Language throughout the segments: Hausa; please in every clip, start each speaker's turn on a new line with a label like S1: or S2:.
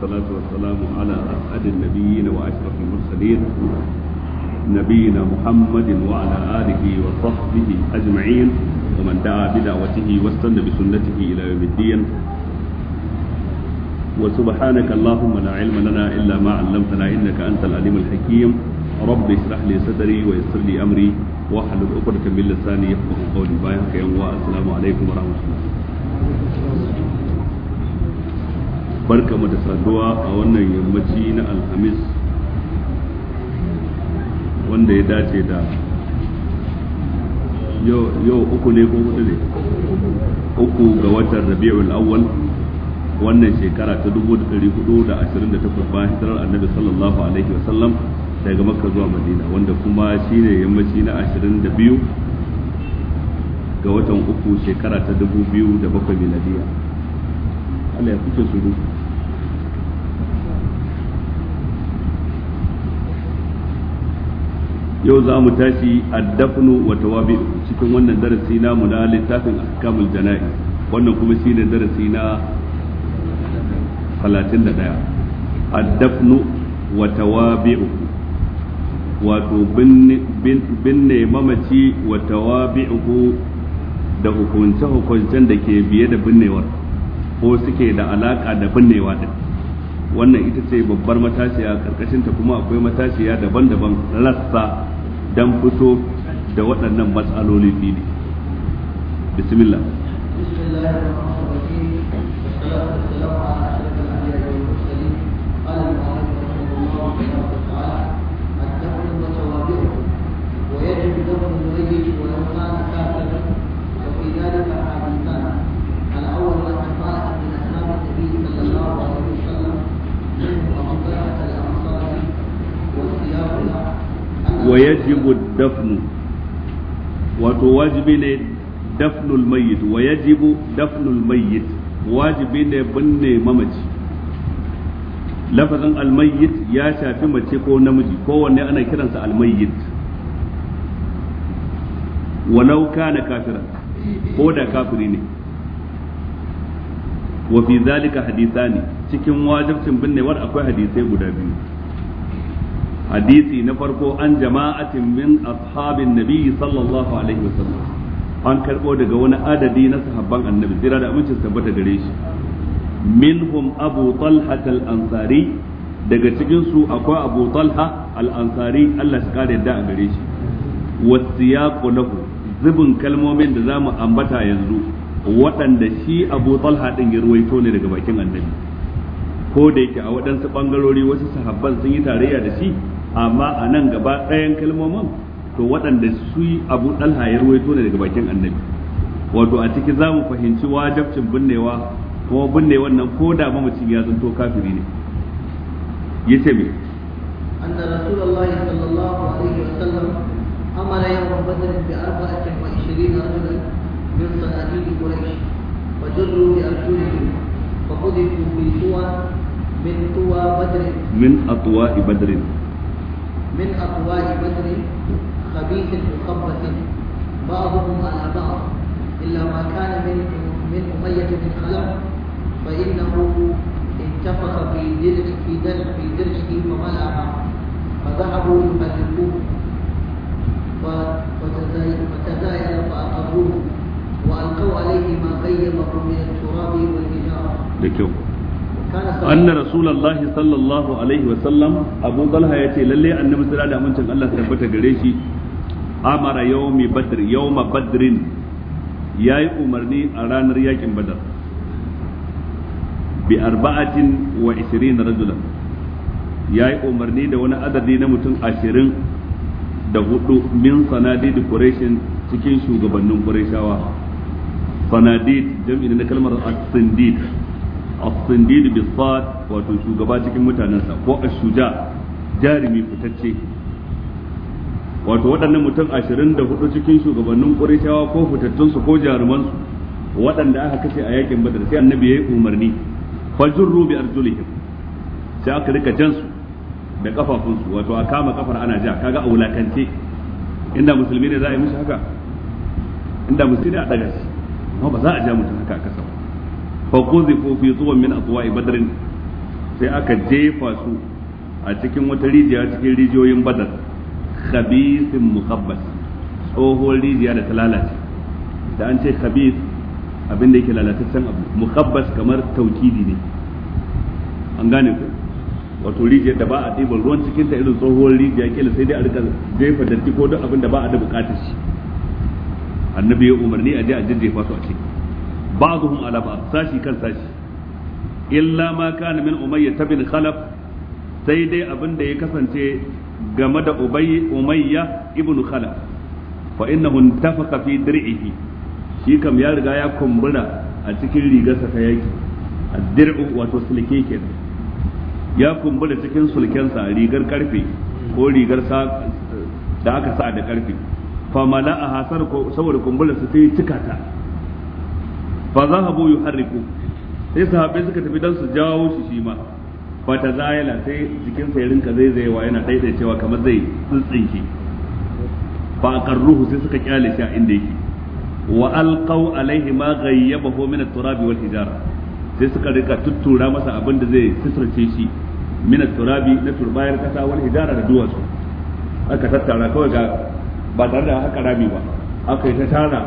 S1: والصلاة والسلام على أسعد النبيين وأشرف المرسلين نبينا محمد وعلى آله وصحبه أجمعين ومن دعا بدعوته واستنى بسنته إلى يوم الدين وسبحانك اللهم لا علم لنا إلا ما علمتنا إنك أنت العليم الحكيم رب اشرح لي صدري ويسر لي أمري واحلل عقدة من لساني يفقه قولي بايعك يوم السلام عليكم ورحمة
S2: الله
S1: barka mu da saduwa a wannan yammaci na alhamis wanda ya dace da yau uku ne ko hudu ne uku ga watan rabi'ul awwal wannan shekara ta 1428 bayan hijirar annabi sallallahu alaihi wasallam daga makka zuwa madina wanda kuma shine yammaci na 22 ga watan uku shekara ta 2007 miladiya Allah ya fice su yau za mu tashi a dafnu wa tawabi'u cikin wannan darasi na mu na littafin ahkamul jana'i wannan kuma shi ne darasi na 31 dafnu wa tawabi'u wato binne mamaci wa tawabi'u da hukunce hukuncen da ke biye da binnewar ko suke da alaka da binnewa din wannan ita ce babbar matashiya karkashinta kuma akwai matashiya daban-daban lassa dan fito da waɗannan matsaloli fili bismillah
S3: بسم الله الرحمن الرحيم والصلاة والسلام على أشرف الأنبياء والمرسلين قال المؤلف رحمه الله تعالى الدفع المتواضع ويجب دفع المريج wa
S1: الدفن dafnu wato wajibi ne dafnul mayyit wa yajibu dafnul mayyit wajibi ne binne mamaci lafazin almayyit ya shafi mace ko namiji kowanne ana kiransa almayyit walau kana kafiran ko da kafiri ne cikin wajibcin binnewar akwai hadisai guda biyu hadisi na farko an jama'atin min ashabin nabi sallallahu alaihi wasallam an karɓo daga wani adadi na sahabban annabi jira da amincin tabbata gare shi minhum abu talha al-ansari daga cikin su akwai abu talha al-ansari Allah shi kare yadda a gare shi wasiyaqu lahu zubin kalmomin da zamu ambata yanzu waɗanda shi abu talha din ya ruwaito ne daga bakin annabi ko da yake a waɗansu ɓangarori wasu sahabban sun yi tarayya da shi amma a nan gaba ɗayan kalmomin to waɗanda su abu ɗalha ya ruwaito ne daga bakin annabi wato a ciki za mu fahimci wajabcin binnewa kuma binne wannan ko da mamacin ya zanto kafiri ne ya ce mai
S3: أن رسول الله صلى الله عليه وسلم أمر يوم بدر بأربعة وعشرين رجلا من صناديد قريش وجروا بأرجلهم في طوى من طوى بدر
S1: من أطواء
S3: من أقوال بدر خبيث مخبث بعضهم على بعض إلا ما كان من من أمية بن خلف فإنه انتفخ في درج في درج في درجه فملأها فذهبوا يحركوه فتزايد فأقروه وألقوا عليه ما غيبه من التراب والحجارة. anna
S1: rasulullahi sallallahu alaihi wa sallam abu talha yace lalle annabi sira da amincin Allah tabbata gare shi amara yawmi badr yawma badrin umarni a ranar yakin badar bi arba'atin wa 20 rajulan yayi umarni da wani adadi na mutum 20 da hudu min sanadid quraishin cikin shugabannin quraishawa sanadid jam'i na kalmar as as-sindid bis-sad wato shugaba cikin mutanensa ko ash-shuja jarimi fitacce wato waɗannan mutum ashirin da hudu cikin shugabannin Qurayshawa ko fitattunsu ko jarumansu waɗanda aka kashe a yakin Badar sai annabi yayi umarni fajurru bi arjulihim sai aka rika jansu da kafafunsu wato a kama ƙafar ana ja kaga a wulakance inda musulmi ne za a yi musu haka inda musulmi ne a daga shi ba za ja mutum haka a kasa fa quzifu fi suwan min atwa'i badrin sai aka jefa su a cikin wata rijiya cikin rijiyoyin badar khabisin mukhabbas tsohon rijiya da ta lalace da an ce khabis abinda yake lalataccen abu muhabbas kamar taukidi ne an gane ku wato rijiyar da ba a ɗiban ruwan cikin ta irin tsohuwar rijiya kila sai dai a rika jefa datti ko duk abin da ba a da bukatar shi annabi ya umarni a je a jajjefa su a ciki ba'dhum ala ba'd sashi kan sashi illa ma kana min umayya bin khalaf sai dai abin da ya kasance game da ubay umayya ibn khalaf fa innahu intafaqa fi dir'ihi shi kam ya riga ya kumbura a cikin rigarsa ta yaki addir'u wato sulke kenan ya kumbura cikin sulkensa rigar karfe ko rigar sa da aka sa da karfe fa mala'aha saboda kumbular su sai fa zahabu yuharriku sai sahabbai suka tafi dan su jawo shi shi ma fa tazayala sai jikin sa ya rinka zaizayewa yana cewa kamar zai tsintsinke fa qarruhu sai suka kyale shi a inda yake wa alqaw alaihi ma ghayyabahu min at-turabi wal hijara sai suka rika tuttura masa abin da zai sisirce shi min at-turabi na turbayar kasa wal hijara da duwatsu aka tattara kawai ga ba tare da haka rami ba aka yi ta tara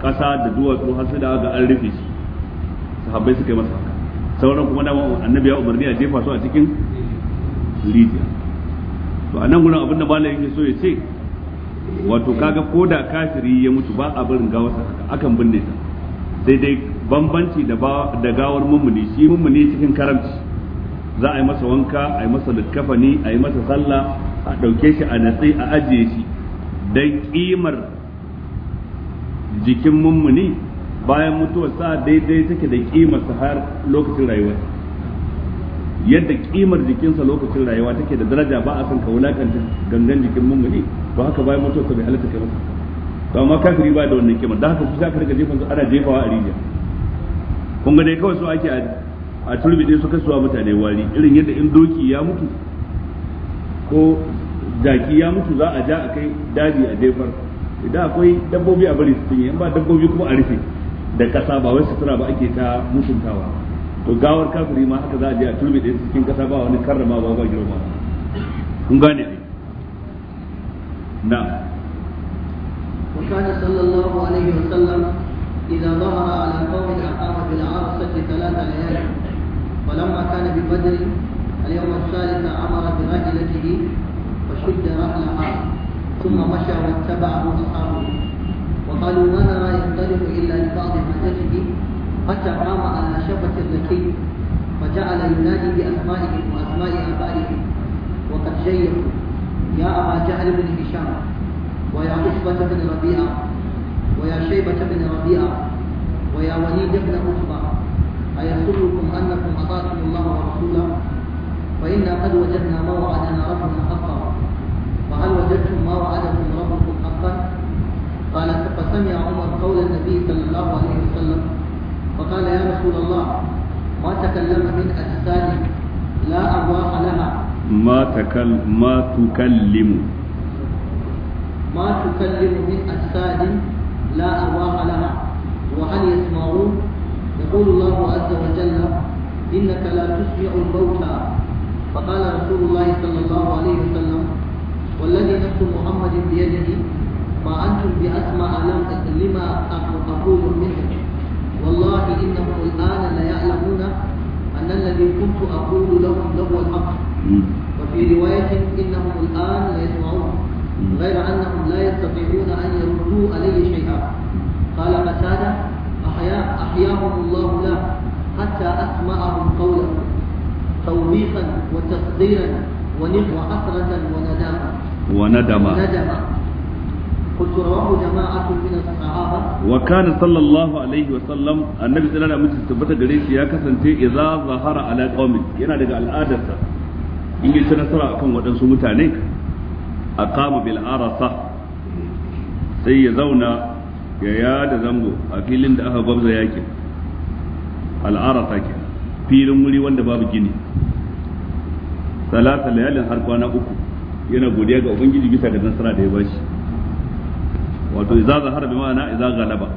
S1: kasa da duwatsu har sai da ga an rufe shi sahabbai suka yi masa haka sauran kuma da annabi ya umarni a jefa su a cikin rijiya to a nan gurin abinda malai yake so ya ce wato kaga ko da kafiri ya mutu ba a barin gawarsa haka akan binne ta sai dai bambanci da da gawar mummuni shi mummuni cikin karamci za a yi masa wanka a yi masa likkafani a yi masa sallah a ɗauke shi a natsi a ajiye shi dan kimar jikin mummuni bayan sa daidai take da kimarsa har lokacin rayuwa yadda kimar jikinsa lokacin rayuwa take da daraja ba a san ka wulakanta gangan jikin mummuni ba haka bayan sa bai halatta kai masa to amma kafiri ba da wannan kimar da haka kusa ka riga jefan su ana jefawa a rijiya kun ga dai kawai su ake a turbide su kasuwa mutane wari irin yadda in doki ya mutu ko jaki ya mutu za a ja a kai daji a jefar idan akwai dabbobi a bari su cinye in ba dabbobi kuma a rufe da kasa ba wai sutura ba ake ta mutuntawa to gawar kafiri ma haka za a je a turbe da cikin kasa ba wani karrama ba ba girma kun gane ne na
S3: وكان صلى الله عليه وسلم إذا ظهر على قوم أقام بالعاصفة ثلاث ليال ولما كان ببدر اليوم الثالث أمر برحلته وشد رحلها ثم مشى واتبعه أصحابه وقالوا ما نرى ينطلق إلا لبعض حاجته حتى قام على شفة الركي فجعل ينادي بأسمائهم وأسماء آبائهم وقد شيخوا يا أبا جهل بن هشام ويا عتبة بن ربيعة ويا شيبة بن ربيعة ويا وليد بن عتبة أيسركم أنكم أطعتم الله ورسوله فإنا قد وجدنا موعدنا ربنا حقا وهل وجدتم ما وعدكم ربكم حقا قال فسمع عمر قول النبي صلى الله عليه وسلم فقال يا رسول الله ما تكلم من أجساد لا أرواح لها
S1: ما تكل ما تكلم
S3: ما تكلم من أجساد لا أرواح لها وهل يسمعون يقول الله عز وجل إنك لا تسمع الموتى فقال رسول الله صلى الله عليه وسلم والذي نفس محمد بيده ما أنتم بأسمع لما أقول منه والله إنهم الآن ليعلمون أن الذي كنت أقول لهم له الحق وفي رواية إنهم الآن ليسمعون غير أنهم لا يستطيعون أن يردوا علي شيئا قال قتادة أحياهم الله لا حتى أسمعهم قوله توبيخا وتقديرا ونقوى حسرة وندامة وندما قلت رواه جماعة من الصحابة وكان
S1: صلى الله عليه وسلم النبي صلى الله عليه وسلم تبتا غريش يا كسنتي إذا ظهر على قوم yana daga al'adarsa in yi nasara akan waɗansu mutane a kama bil arasa sai ya zauna ya yada zango a filin da aka gwabza yakin al'arasa ke filin wuri wanda babu gini talata layalin har kwana uku yana godiya ga ubangiji bisa ga nasara da ya bashi wato idza zahara bi ma'ana idza ghalaba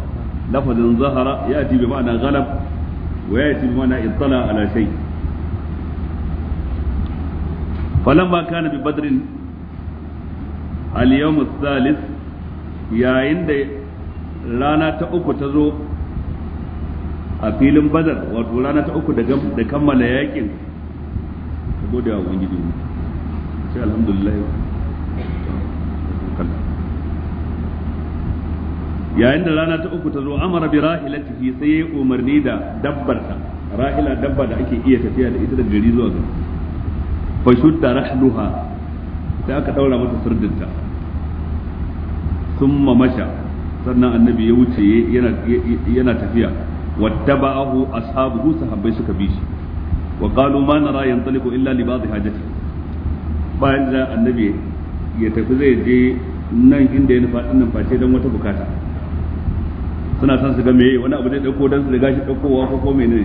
S1: lafazin zahara yati bi ma'ana ghalab wa yati bi ma'ana ittala ala shay falamma kana bi badrin al yawm thalith yayin da rana ta uku ta zo a filin badar wato rana ta uku da kammala yakin ka gode wa ubangiji sai alhamdulillah yayin da rana ta uku ta zo amara bi rahilatihi sai yi umarni da dabbarta rahila dabba da ake iya tafiya da ita da gari zuwa gari fa shudda rahluha sai aka daura mata sirdinta thumma masha sannan annabi ya wuce yana yana tafiya wattaba'ahu ashabuhu sahabbai suka bi shi wa qalu ma nara yantaliqu illa li ba'd hajatihi bayan da annabi ya tafi zai je nan inda ya nufa nan face don wata bukata suna son su ga meye wani abu zai dauko don su riga shi daukowa ko ko ne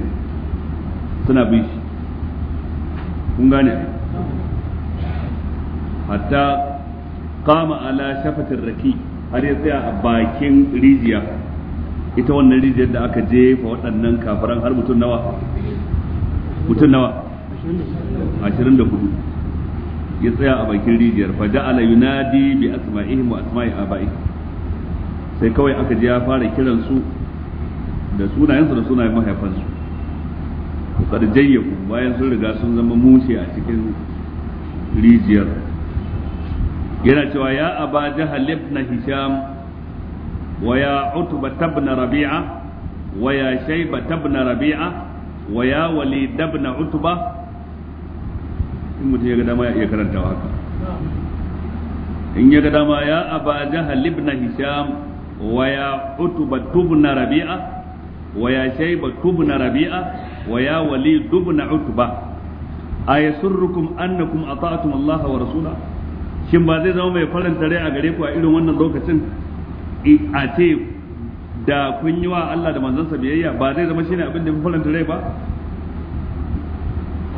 S1: suna bin shi kun gane hatta kama ala shafatin raki har ya tsaya a bakin rijiya ita wannan rijiyar da aka jefa waɗannan kafaran har mutum nawa mutum nawa 24 ya tsaya a bakin rijiyar fa ja'ala yunadi bi asma'ihim wa asma'i aba'ihim sai kawai aka ji ya fara kiran su da sunayensu da sunayen mahaifansu kad jayyaku bayan sun riga sun zama mushe a cikin rijiyar yana cewa ya aba jahal ibn hisham wa ya utba ibn rabi'a wa ya shayba ibn rabi'a wa ya walid ibn utba in mutum ya ga dama ya iya karantawa haka in ya ga dama ya aba jahal ibn hisham wa ya utba ibn rabi'a wa ya shayba ibn rabi'a wa ya walid ibn utba ayasurrukum annakum ata'tum Allah wa rasula shin ba zai zama mai faranta rai a gare ku a irin wannan lokacin a ce da kun yi wa Allah da manzansa biyayya ba zai zama shine abin da faranta rai ba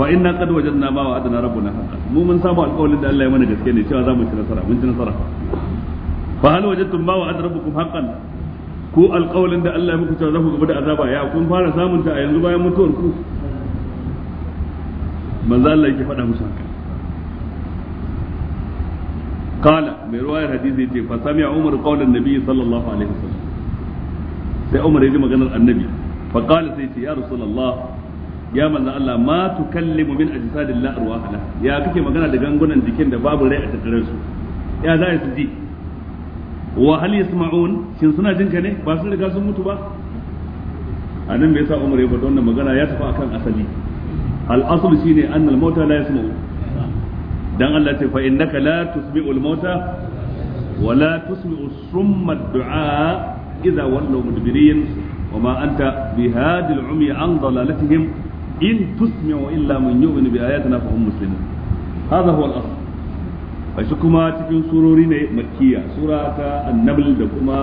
S1: fa inna qad wajadna ma wa'adna rabbuna haqqan mu mun samu alƙawarin da Allah ya mana gaske ne cewa za mu ci nasara mun ci nasara fa hal wajadtum ma wa'ad rabbukum haqqan ku alƙawarin da Allah ya muku cewa za ku gaba da azaba ya kun fara samun ta a yanzu bayan mutuwar ku manzo Allah yake faɗa musu haka قال mai ruwayar hadisi ce fa sami umar qaulan nabi sallallahu alaihi wasallam sai umar ya ji maganar annabi fa qala sai ce ya rasulullah ya manzo Allah ma tukallimu min ajsadillah arwahana ya kake magana da gangunan jikin da babu rai a tattare su ya za su ji wa hal yasma'un shin suna jinka ne ba sun riga sun mutu ba anan me yasa Umar ya faɗa wannan magana ya tafi akan asali al aslu shine annal mauta la yasma'u dan Allah ce fa innaka la tusmi'ul mauta wa la tusmi'u summa du'a idza wallaw mudbirin وما أنت بهاد العمي عن ضلالتهم in tusmi'u illa man yu'minu bi ayatina fa hum muslimun hadha huwa al-asl shi kuma cikin surori ne makkiya sura ta annabl da kuma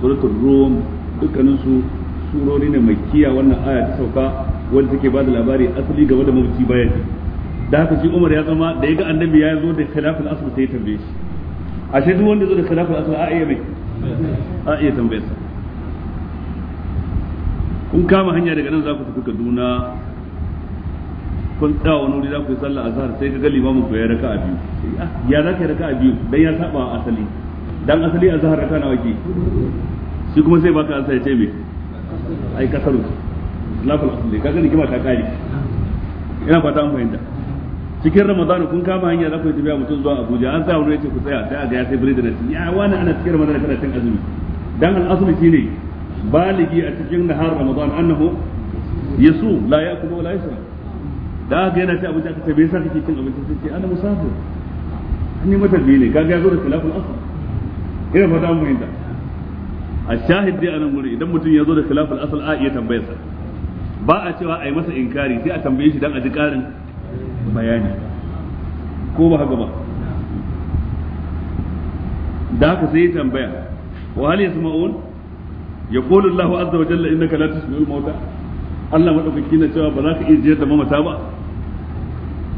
S1: suratul rum dukkanin su surori ne makkiya wannan aya ta sauka wanda take bada labari asali game da mabuci bayan da haka shi Umar ya zama da yaga annabi ya zo da khilaful asl sai tambaye shi ashe duk wanda zo da khilaful asl a iya mai a iya tambaye sa kun kama hanya daga nan za ku tafi Kaduna kun tsaya wani wuri za ku yi sallah azhar sai ka ga limamu ku ya raka a biyu ya za ka raka a biyu dan ya saba asali dan asali azhar raka na ke shi kuma sai baka ansa ya ce me ai ka kasaru lafal asali kaga ni kima ta kare ina fata an fahimta cikin ramadan kun kama hanya za ku yi tafiya mutum zuwa abuja an sa wani ya ce ku tsaya sai a ga ya sai biredi da shi ya wani ana cikin ramadan kana cin azumi dan shi ne baligi a cikin nahar ramadan annahu yasu la yakulu wa la yasra da aka yana ci abinci aka ce bai sa kake cin abinci sai ce ana musafir an yi mata biyu ne kaga ya zo da khilafin asal ina fata an fahimta a shahid dai anan gurin idan mutum ya zo da khilafin asal a iya tambayarsa ba a cewa a yi masa inkari sai a tambaye shi dan a ji karin bayani ko ba haka ba da haka sai ya tambaya wa hal yasma'un yaqulu Allahu azza wa jalla innaka la tusmi'ul mauta Allah madaukaki na cewa ba za ka iya jiyar da mamata ba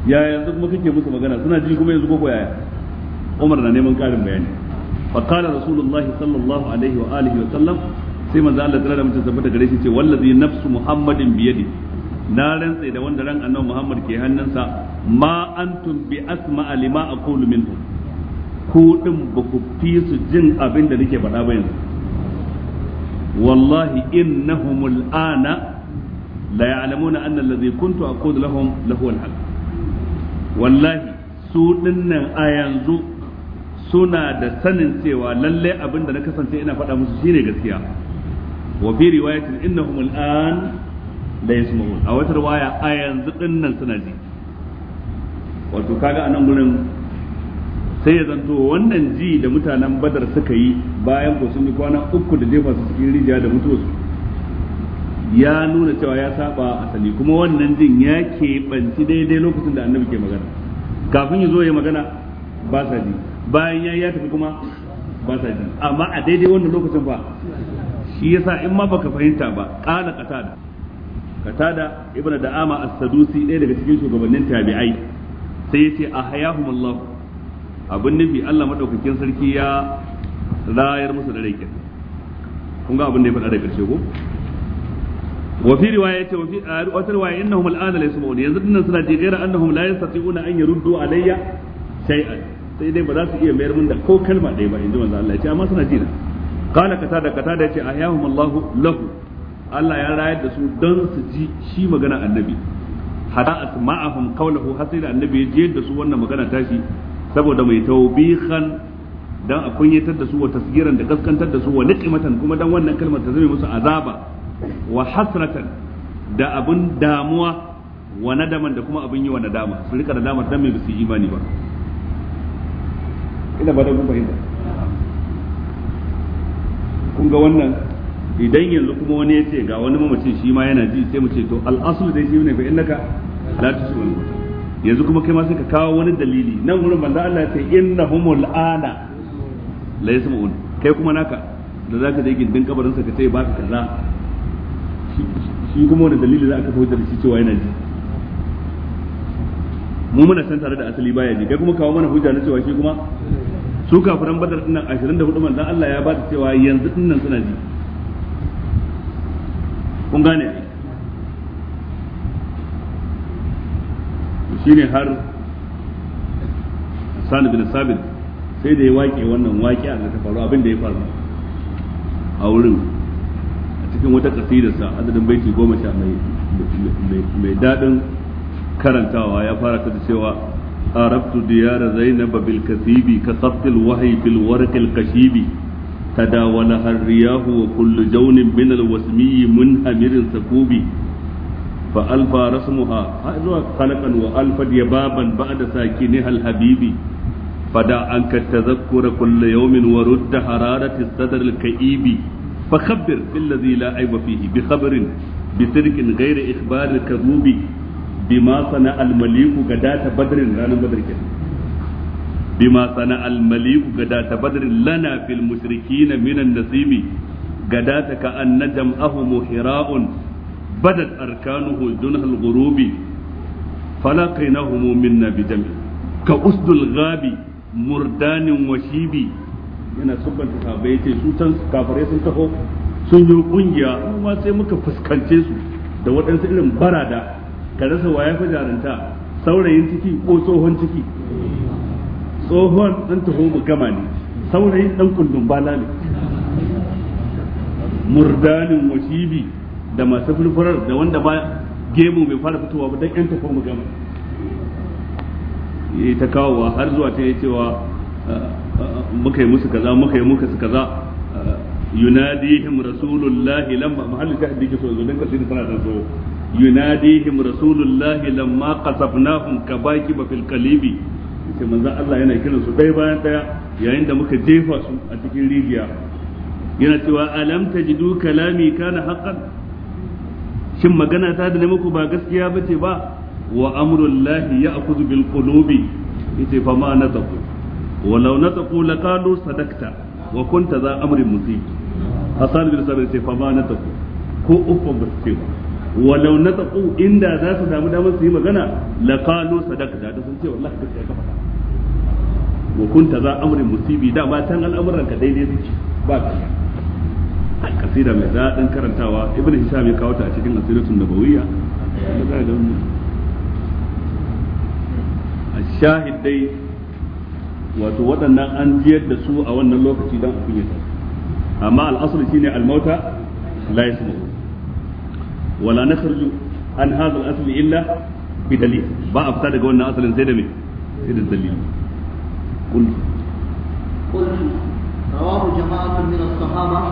S1: ya yanzu kuma kake musu magana suna ji kuma yanzu koko yaya Umar na neman karin bayani fa qala rasulullahi sallallahu alaihi wa alihi wa sallam sai manzo Allah tsara mutum tabbata gare shi ce wallazi nafsu muhammadin biyadi na rantsa da wanda ran annabi Muhammad ke hannunsa ma antum bi asma aqulu minhu ku din ba ku fi su jin abin da nake faɗa ba yanzu wallahi innahum al'ana la ya'lamuna anna kuntu aqulu lahum lahu al-haqq wallahi su dinnan a yanzu suna da sanin cewa lalle abin da na kasance ina faɗa musu shine gaskiya wa fi riwayatin innahum al'an la yasma'un a wata riwaya a yanzu dinnan suna ji wato kaga anan gurin sai ya zanto wannan ji da mutanen badar suka yi bayan ko sun yi kwana uku da jefa su cikin rijiya da mutuwarsu ya nuna cewa ya saba asali kuma wannan jin ya keɓanci daidai lokacin da annabi ke magana kafin ya zo ya magana ba sa ji bayan ya ya tafi kuma ba sa ji amma a daidai wannan lokacin fa shi yasa in ma baka fahimta ba da qatada qatada ibn da'ama as-sadusi ɗaya daga cikin shugabannin tabi'ai sai yace ahyahumullah abin nufi Allah madaukakin sarki ya rayar musu da rai kun ga abin da ya faɗa da karshe ko wa fi riwayati wa fi wata riwaya innahum al'ana la yasma'un yanzu dinnan suna ji gaira annahum la yastati'una an yaruddu alayya shay'an sai dai ba za su iya mayar mun da ko kalma ɗaya ba inji manzo Allah ya ce amma suna ji na qala katada katada ya ce ahyahum Allahu lahu Allah ya rayar da su don su ji shi magana annabi hada asma'ahum qawluhu har sai da annabi ya jiyar su wannan magana tashi saboda mai a kunyatar da su wa tasgiran da kaskantar da su wa kuma dan wannan kalmar ta zame musu azaba wa hasratan da abun damuwa wa nadaman da kuma abun yi wa nadama su rika damar dan mai bisu imani ba ina ba da kun fahimta kun ga wannan idan yanzu kuma wani ya ce ga wani mamacin shi ma yana ji sai mu ce to al'asul dai shi ne fa innaka la tusul yanzu kuma kai ma sai ka kawo wani dalili nan gurin manzo Allah ya ce innahumul ana laysa yasmaun kai kuma naka da zaka je gindin kabarin sa ka ce ba ka kaza shi kuma wani dalilin za a kafa da shi cewa yana ji mu muna san tare da asali baya ji kai kuma kawo mana hujja na cewa shi kuma su kafiran badar dinnan 24 dan Allah ya ba da cewa yanzu dinnan suna ji kun gane ne har Hassan bin Sabit sai da ya wake wannan wake a ta faru abin da ya faru a wurin cikin wata kasidarsa adadin baiti mai mai karantawa ya fara ta cewa arabtu diyar zainab bil kasibi ka safil wahyi bil warqil kashibi tadawala harriyahu wa kullu jawnin min al wasmi min amirin sakubi fa alfa rasmuha ha zuwa kalakan wa alfa yababan ba'da sakini hal habibi fada an ka tazakkura kullu yawmin wa rudda hararati sadr al ka'ibi fa khabbir billazi la aiba fihi bi khabarin bi sirqin ghairi ikhbar kadhubi bima sana al maliku gadata badrin ranan badr kenan bima sana al maliku gadata badrin lana fil mushrikin min an nasibi gadata ka an najam'ahu muhira'un badat arkanuhu dunhal ghurubi ka usdul murdanin washibi yana sabbanta sahabbai yace su can kafare sun taho sun yi kungiya kuma sai muka fuskance su da waɗansu irin barada ka rasa ya fi jarunta saurayin ciki ko tsohon ciki tsohon dan taho mu gama ne saurayin dan kullum bala ne murdanin washibi da masu furfurar da wanda ba gemu bai fara fitowa ba dan yan taho mu gama ta kawowa har zuwa ta yi cewa muka yi musu kaza muka yi muka su kaza yunadihim rasulullahi lamma so dan tana dan so yunadihim rasulullahi lamma qasafnahum kabaki ba fil qalibi sai Allah yana kiran su dai bayan daya yayin da muka jefa su a cikin rijiya yana cewa alam tajidu kalami kana haqqan shin magana ta da muku ba gaskiya bace ba wa amrullahi ya'khudhu bil qulubi yace fa ma walau nataqu laqalu sadakta wa kunta za amrin musib hasan bin sabir ce fa ma nataqu ko uffan ba su ce ba walau nataqu inda za su samu damar su yi magana laqalu sadakta da sun ce wallahi gaskiya ka faɗa wa kunta za amrin musibi da ma tan al'amuran ka daidai suke ba ka mai daɗin karantawa ibn ya kawo a cikin asiratun nabawiyya da za a dai wato waɗannan an jiyar da su a wannan lokaci don a kunyata amma al'asar shi ne mauta la yasmu wala sarju an hadha asali illa bi ba a fita daga wannan asalin sai da mai sai da dalili qul
S3: qul rawahu jama'atun min as-sahaba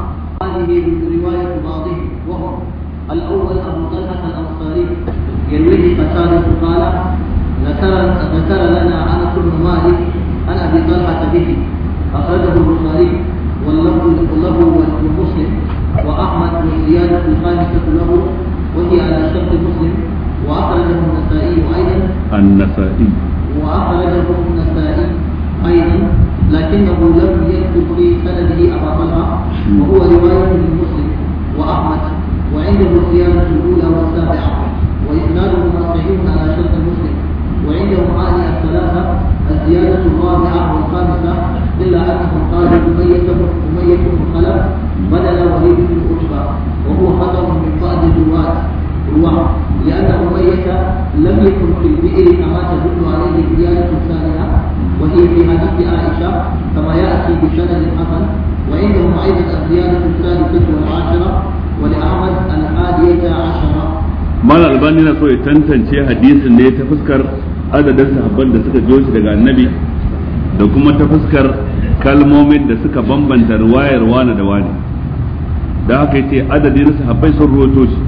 S3: هذه رواية بعضهم وهم الأول أبو طلحة الأنصاري يرويه قتادة قال ذكر ذكر لنا أنس بن مالك عن ابي طلحه به اخرجه البخاري والله له ومسلم واحمد والزياده الخامسه له وهي على شرط مسلم واخرجه النسائي ايضا
S2: النسائي
S3: واخرجه النسائي ايضا لكنه لم يكتب في سنده ابا طلحه وهو روايه من مسلم واحمد وعنده الزياده الاولى والسابعه واسناده صحيح على شرط مسلم وعنده هذه الثلاثه الزيادة الرابعة والخامسة إلا أنهم قالوا أمية أمية بن خلف بدل وليد بن عتبة وهو خطر من قائد الرواة الوعد لأن أمية لم يكن في البئر كما تدل عليه الزيادة الثانية وهي في حديث عائشة كما يأتي بسند الحسن وعندهم أيضا الزيادة الثالثة والعاشرة ولأحمد الحادية عشرة.
S1: مال الباني نسوي تنتن شيء حديث اللي تفسكر adadin sahabban da suka jo shi daga annabi da kuma ta fuskar kalmomin da suka bambanta ruwayar wani da wani da haka yace adadin sahabbai sun ruwato shi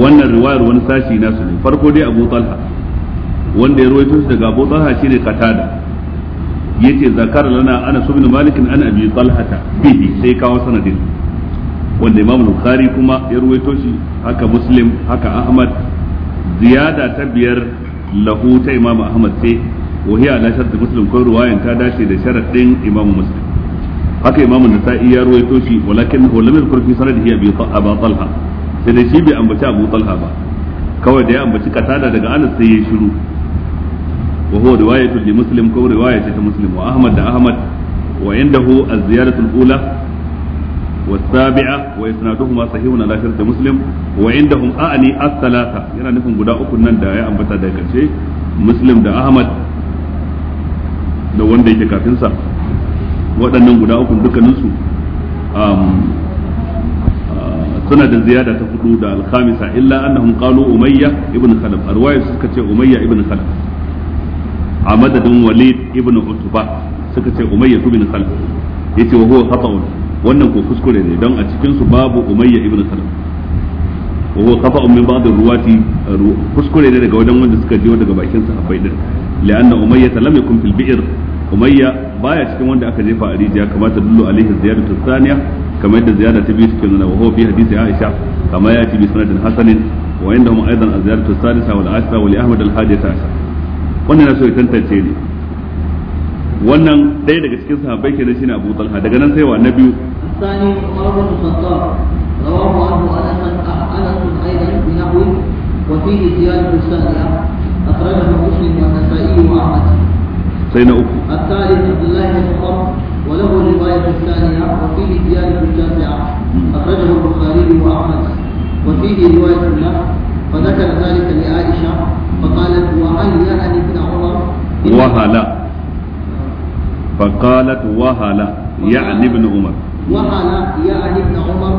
S1: wannan riwayar wani sashi nasu ne farko dai Abu Talha wanda ya ruwato shi daga Abu Talha shine katada yace zakar lana ana subin malikin ana Abi Talha bihi sai kawo sanadin wanda Imam Bukhari kuma ya ruwato shi haka Muslim haka Ahmad ziyada ta biyar lahu ta imamu ahmad ce wahiya ala shart muslim ko ruwayan ta dace da sharadin imamu muslim haka imamu nasa'i ya ruwaito shi walakin hu lam yadhkur fi sanadihi abi aba talha sai da shi bai ambaci abu talha ba kawai da ya ambaci katada daga anas sai ya shiru wa huwa riwayatun li muslim ko riwaya ta muslim wa ahmad da ahmad wa indahu az-ziyaratu al-ula والسابعة وإسنادهما صحيح على شرط مسلم وعندهم أعني الثلاثة يعني نفهم قد أكون نندا يا أنبتا ذاك الشيء مسلم دا أحمد لو وندي تكافنسا waɗannan guda uku dukkaninsu suna da ziyara ta hudu da alkhamisa illa annahum qalu umayya ibn khalaf arwaya suka ce umayya ibn khalaf a madadin walid ibn utba suka ce umayya ibn khalaf yace wannan ko kuskure ne don a cikin su babu umayya ibn salam wa huwa qafa'un min ba'd ruwati kuskure ne daga wajen wanda suka jiyo daga bakin sahabbai din la'anna umayya lam yakun fil bi'r umayya baya cikin wanda aka jefa a rijiya kamar ta dullu alaihi ziyadatu thaniya kamar yadda ziyada ta biyu cikin nuna wa huwa fi hadisi aisha kama ya ci bi sanadin hasanin wa indahum aidan az-ziyadatu thalitha wal ashra wa li ahmad al-hadiyata ashar wannan na so ya tantance ne wannan ɗaya daga cikin sahabbai kenan na Abu Talha daga nan sai wa na biyu
S3: sani Umar bin Khattab na uku at Aisha fa
S1: فقالت وهلا يعني ابن عمر وهلا
S3: يعني ابن عمر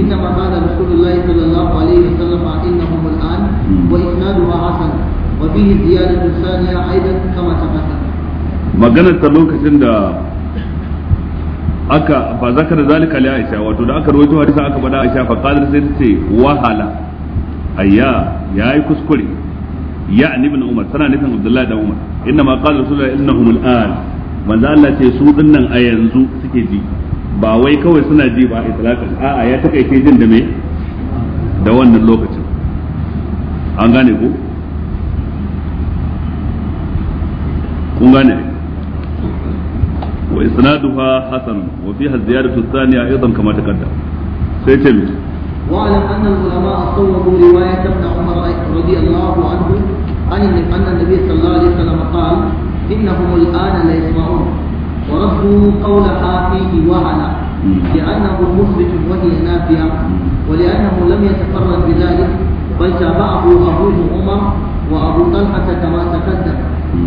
S3: انما قال رسول الله صلى الله عليه وسلم انهم الان واسنادها حسن وفيه زياده ثانيه ايضا كما تقدم
S1: maganar ta lokacin da aka fa zakar zalika li aisha wato da aka rawaito hadisi aka bada aisha fa qalat sai tace wahala ayya yayi kuskure ya ibn umar tana nufin abdullahi da umar inna ma manzo Allah ce su dinnan a yanzu suke ji ba wai kawai suna ji ba itlaqan a'a ya takaice jin da me da wannan lokacin an gane ko kun gane wa isnaduha hasan wa fiha ziyadatu thaniya aidan kama taqaddam sai ce mi
S3: وعلم ان العلماء صوبوا روايه ابن عمر رضي إنهم الآن لا يسمعون وردوا قولها فيه وعلى لأنه مثبت وهي نافية ولأنه لم يتفرد بذلك بل تابعه أبوه عمر وأبو طلحة كما تقدم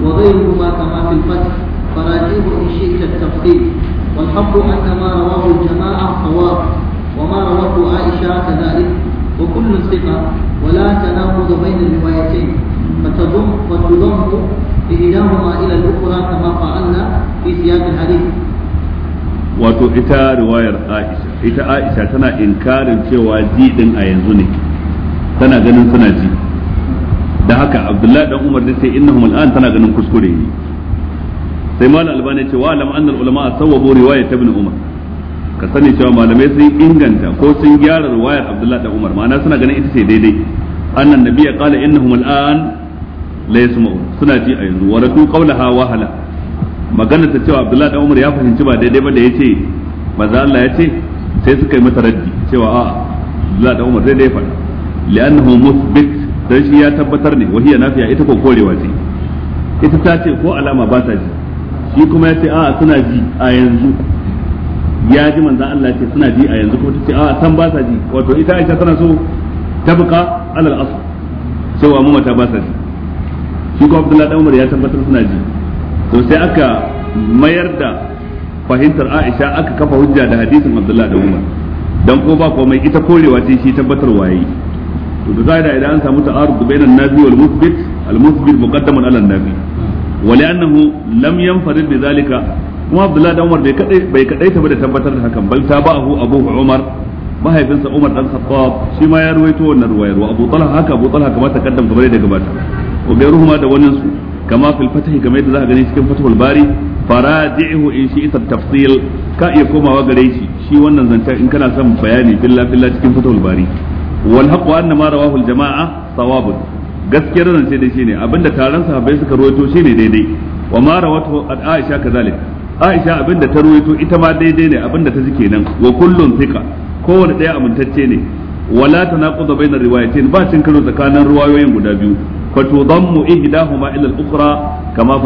S3: وغيرهما كما في الفتح فراجعه إن شئت التفصيل والحق أن ما رواه الجماعة صواب وما رواه عائشة كذلك وكل ثقة ولا تناقض بين الروايتين فتضم وتضم إحداهما إلى الأخرى كما فعلنا في سياق الحديث
S1: wato ita riwayar Aisha ita Aisha tana inkarin cewa ji din a yanzu ne
S3: tana ganin suna
S1: ji da haka Abdullahi dan Umar dace innahum al'an tana ganin kuskure ne sai Malam albani ce wa lam annal ulama sawwabu riwayat ibn Umar ka sani cewa malamai sun inganta ko sun gyara riwayar Abdullahi dan Umar ma'ana suna ganin ita ce daidai annan nabiyya qala innahum al'an la yasma'u suna ji a yanzu wa ratu qawlaha wa hala magana ta cewa Abdullahi dan Umar ya fahimci ba daidai ba da yace manzo Allah ya ce sai suka yi masa raddi cewa a'a Abdullahi dan Umar dai faɗa li'annahu musbit dan shi ya tabbatar ne wahiya nafiya ita ko korewa ce ita ta ce ko alama ba ta ji shi kuma ya ce a'a suna ji a yanzu ya ji manzo Allah ce suna ji a yanzu ko ta ce a'a san ba sa ji wato ita Aisha tana so tabqa alal asl cewa mu mata ba sa ji shi kuma Abdullahi dan Umar ya tabbatar suna ji to sai aka mayar da fahimtar Aisha aka kafa hujja da hadisin Abdullahi dan Umar dan ko ba komai ita korewa ce shi tabbatar waye to da da idan an samu ta'arud bainan nabi wal musbit al musbit muqaddaman ala nabi lam لم bi zalika kuma Abdullahi dan Umar bai kadai bai kadai ta bada tabbatar da hakan bal ta ba'ahu Abu Umar mahaifinsa Umar dan Khattab shi ma ya ruwaito wannan ruwayar wa Abu Talha haka Abu Talha kamar ta kaddam kamar da gabata wa gairuhuma da wannan su kama fil fatahi kamar yadda za ka gani cikin fatahul bari faraji'hu in shi isa tafsil ka iya komawa gare shi shi wannan zanta in kana son bayani billa billa cikin fatahul bari wal haqqu anna ma rawahu al jama'a sawabun gaskiyar zance dai shine abinda taron sahabbai suka ruwaito shine daidai wa ma rawatu aisha kazalik aisha abinda ta ruwaito ita ma daidai ne abinda ta ji kenan wa kullun thiqa kowanne daya amintacce ne wala tanaqudu bainar riwayatain ba cin karo tsakanin riwayoyin guda biyu fatudammu ihdahuma ila al-ukhra kama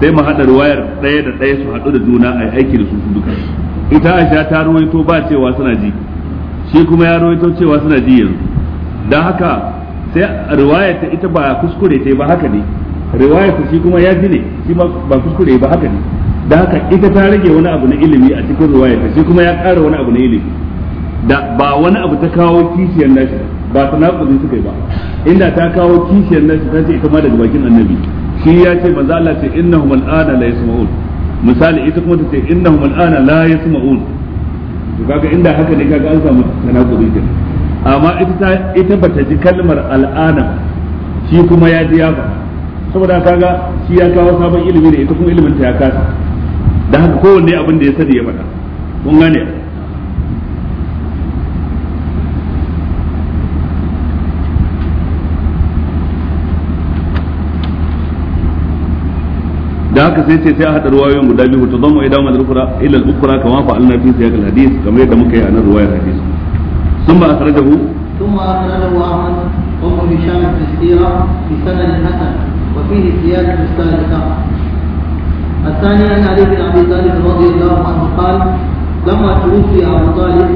S1: sai mu ruwayar da su haɗu da juna ai aiki da su duka ita Aisha ta ruwaito ba cewa suna ji shi kuma ya ruwaito cewa suna ji yanzu haka sai ta ita ba kuskure ta ba haka ne ta shi kuma ya ji ne shi ba kuskure ba haka ne haka ita ta rage wani abu na ilimi a cikin ta shi kuma ya ƙara wani abu na ilimi da ba wani abu ta kawo kishiyar nashi ba ba ta naƙuzi suka yi ba inda ta kawo kishiyar nan ta ce ita ma daga bakin annabi shi ya ce maza Allah ce innahum al'ana la yasma'un misali ita kuma ta ce innahum al'ana la yasma'un to kaga inda haka ne kaga an samu tanakuzi din amma ita ta ita bata ji kalmar al'ana shi kuma ya ji ya ba saboda kaga shi ya kawo sabon ilimi ne ita kuma ilimin ta ya kasa da haka kowanne abin da ya sani ya faɗa kun gane da haka sai ce sai a hada ruwayoyin guda biyu to zamu idan madar kura illa al ukra kama fa alna fi siyaq al hadith kamar yadda muka yi a nan ruwayar hadith sun ba akhrajahu
S3: ثم أخرجه أحمد وابن هشام في السيرة بسند حسن وفيه سياق الثالثة الثاني عن علي بن أبي طالب رضي الله عنه قال لما توفي أبو طالب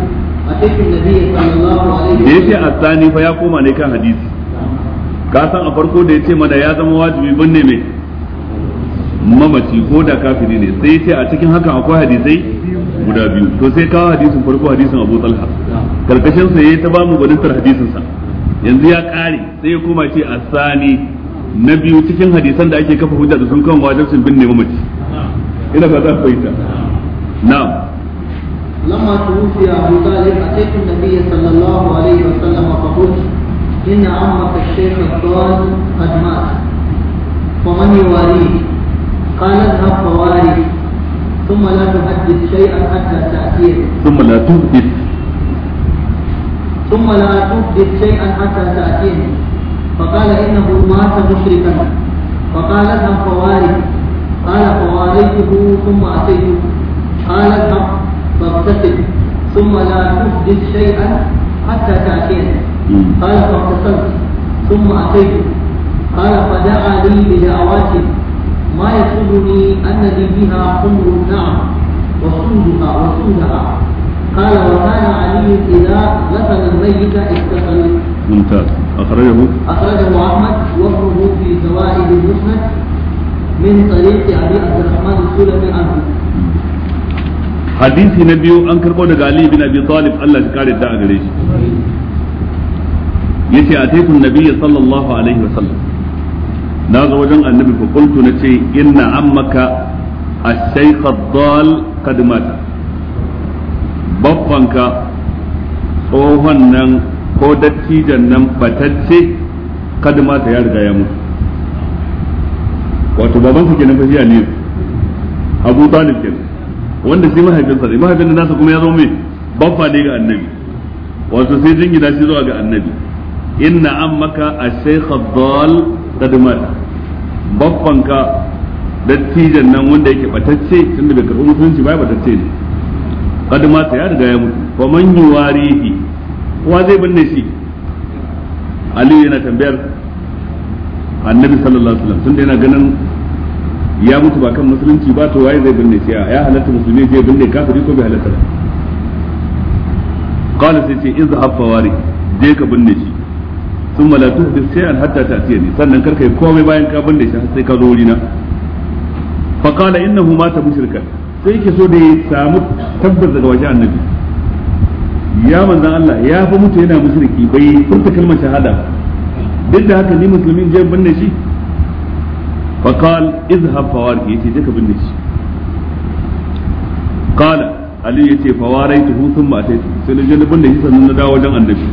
S3: a النبي صلى الله عليه وسلم
S1: الثاني فيقوم عليك حديث ka san a farko da ya ce mana ya zama wajibi mamaci ko da kafiri ne sai ce a cikin hakan akwai hadisai guda biyu to sai kawo hadisin farko hadisin Abu Talha karkashin sa yayi ta bamu gwanintar hadisin sa yanzu ya kare sai ya koma ce asani na biyu cikin hadisan da ake kafa hujja da sun kan wajibin bin ne mamaci ina fata fahimta na'am
S3: لما توفي أبو طالب أتيت النبي sallallahu alaihi wasallam وسلم فقلت inna عمك الشيخ الضال قد تحدث شيئا حتى تأتيه
S1: ثم لا تحدث
S3: ثم لا تحدث شيئا حتى تأتيه فقال إنه مات مشركا فقال اذهب فوارث قال فوارثه ثم أتيته قال اذهب فاغتسل ثم لا تحدث شيئا حتى تأتيني قال فاغتسلت ثم أتيته قال فدعا لي بدعوات ما يسرني أنني بها حمر نعم وصولها وصولها قال وكان علي إذا غسل الميت اغتسل
S1: ممتاز أخرجه أخرجه
S3: أحمد وابنه في زوائد المسند من طريق أبي عبد الرحمن السلمي عنه
S1: hadisi na biyu an karbo daga Ali bin Abi Talib Allah ya kare da a gare shi yace ataitu nabiyyi sallallahu alaihi wasallam na ga wajen annabi fa qultu nace inna ammaka الشيخ الضال قد مات بابنك tsohon ko dattijan nan batacce kada ya riga ya mutu wato kenan abu talib kenan wanda shi mahaifinsa ne mahaifin nasa kuma ya zo mai ne ga annabi wato sai jingina shi zuwa ga annabi inna dal dattijan nan wanda yake batacce tunda bai karɓi musulunci ba ya batacce ne kad ma ta ya riga ya mutu fa man yuwarihi kowa zai binne shi aliyu yana tambayar annabi sallallahu alaihi wasallam tunda yana ganin ya mutu ba kan musulunci ba to waye zai binne shi ya halatta musulmi zai binne kafiri ko bai halatta ba qala sai ce izhab wari je ka binne shi thumma la tuhdith shay'an hatta ta'tiyani sannan karkai komai bayan ka binne shi har sai ka zo wuri na Faƙala qala innahu mata mushrikan sai yake so da ya samu tabbas daga wajen annabi ya manzan Allah ya fa mutu yana mushriki bai furta kalmar shahada duk da haka ni musulmin je binne shi faƙal qal izhab fawarki yace je ka binne shi qala ali yace fawaraitu thumma ataitu sai na je na binne shi sannan na dawo wajen annabi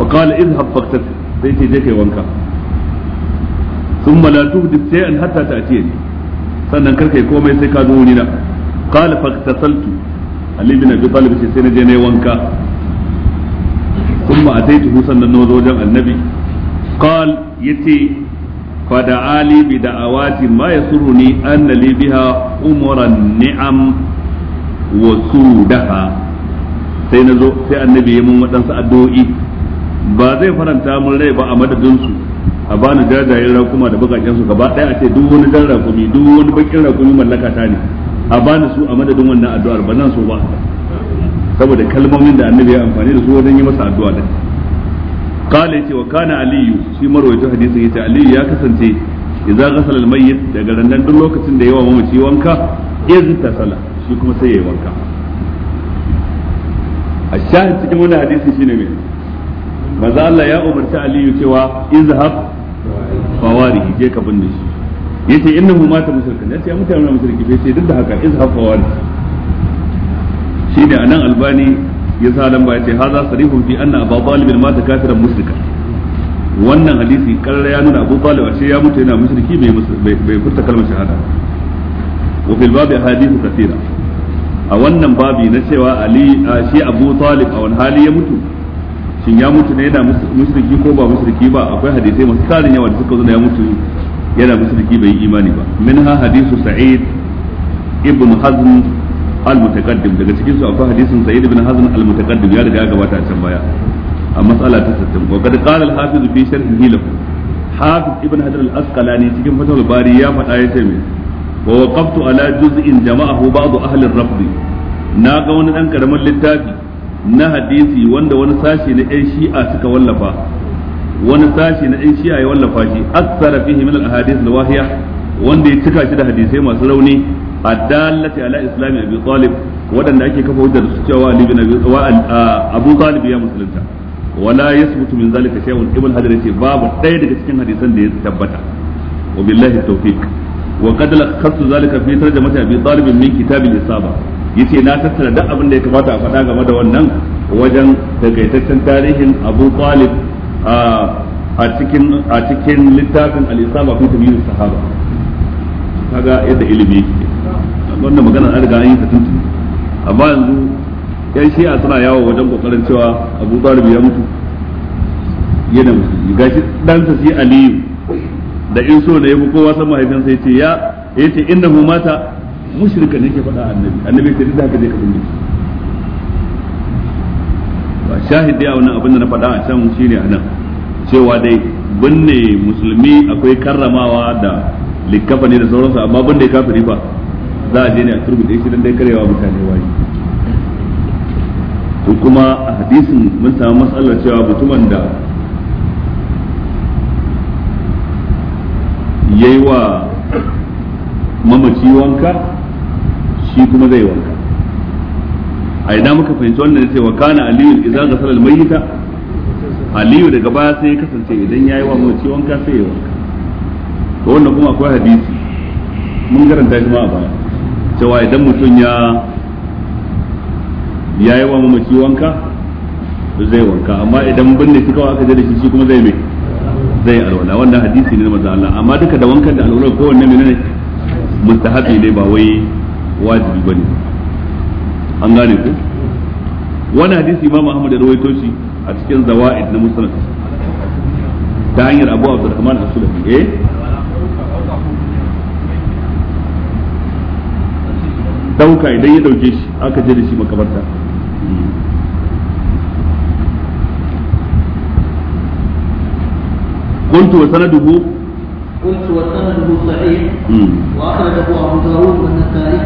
S1: fa qala izhab faqtat sai yace je kai wanka thumma la tuhdith shay'an hatta ta'tiyani sannan karka yi komai sai ka zo wuri na qala faqtasaltu ali bin abi talib sai sai na je nayi wanka kuma ataitu sannan na zo wajen annabi qal yace fada da'ali bi da'awati ma yasurruni anna li biha umuran ni'am wa sudaha sai na zo sai annabi ya mun wadansu addu'o'i ba zai faranta mun rai ba a madadinsu a bani jajayen rakuma da bakaken su gaba daya a ce duk wani dan rakumi duk wani bakin rakumi mallaka ta ne a bani su a madadin wannan addu'ar ba nan so ba saboda kalmomin da annabi ya amfani da su wajen yi masa addu'a da kale ce wa kana aliyu shi marwayo hadisin yace aliyu ya kasance idan ghasala almayyit mayyit daga randan duk lokacin da yawa mamaci wanka iz sala shi kuma sai yayi wanka a shahid cikin wannan hadisi shine me maza Allah ya umarci aliyu cewa izhab fawarihi je ka binne shi yace innahu mata mushrikan yace ya mutane mushriki bai ce duk da haka anan albani ya sa lamba yace sarihun fi anna abu mata kafiran wannan hadisi karara ya nuna abu talib ce ya mutu yana mushriki bai bai furta kalmar shahada wa fil babi hadithu kathira a wannan babi na cewa ali shi abu talib a wani hali ya mutu shin ya mutu ne yana musulki ko ba musulki ba akwai hadisai masu tarin yawa da suka zo ya mutu yana musulki bai yi imani ba ha hadisu sa'id ibn hazm al-mutaqaddim daga cikin su akwai hadisin sa'id ibn hazm al-mutaqaddim ya riga ya gabata a can baya a matsala ta 60 wa kad qala al-hafiz fi sharhihi lahu hafiz ibn hajar al-asqalani cikin fatawul bari ya faɗa ya ce me wa waqaftu ala juz'in jama'ahu ba'd ahli ar-rafd na ga wani dan karamin littafi na hadisi wanda wani sashi na yan shi'a suka wallafa wani sashi na yan shi'a ya wallafa shi aksara fihi min al-ahadith al-wahiya wanda ya cika shi da hadisai masu rauni addallati ala islam abi talib wadanda ake kafa hujjar su cewa ali bin abi wa abu talib ya musulunta wala yasbutu min zalika shay'un ibn hajar yace babu ɗaya daga cikin hadisan da ya tabbata wa billahi tawfiq wa qad lakhassu zalika fi tarjamati abi talib min kitab al-isaba yace na tattara duk abin da ya kamata a faɗa game da wannan wajen takaitaccen tarihin Abu Talib a cikin a cikin littafin al-Isaba fi tamyiz sahaba kaga yadda ilimi yake wannan magana an riga an yi ta tuntun amma yanzu yan shi'a suna yawo wajen kokarin cewa Abu Talib ya mutu yana musulmi gashi ɗansa shi Aliyu da in so da ya kowa san mahaifinsa ya ce ya yace innahu mata mushrikan yake faɗa annabi annabi ce da haka zai ka binne ba dai a wannan abin da na faɗa a can shine anan cewa dai binne musulmi akwai karramawa da likafa ne da sauransu amma binne kafiri ba za a je ne a turbuɗe shi dan dai karewa mutane waye. ko kuma a hadisin mun samu matsalar cewa mutumin da yayi wa mamaci wanka shi kuma zai wanka a idan muka fahimci wannan ce wa kana aliyu idza ghasala al-mayyita aliyu daga baya sai ya kasance idan yayi wa mace wanka sai ya wanka to wannan kuma akwai hadisi mun karanta shi ma a baya cewa idan mutum ya yayi wa mamaci wanka zai wanka amma idan binne shi kawai aka je da shi shi kuma zai mai zai alwala wannan hadisi ne na manzo Allah amma duka da wankan da alwala kowanne menene mustahabi ne ba wai wajibi bane an gane ku wani hadisi imamu ahmad ya rawaito shi a cikin zawaid na musnad ta hanyar abu abdurrahman as-sulafi eh dauka idan ya dauke shi aka je da shi makabarta قلت
S3: وسنده قلت وسنده صحيح واخرجه ابو داود والنسائي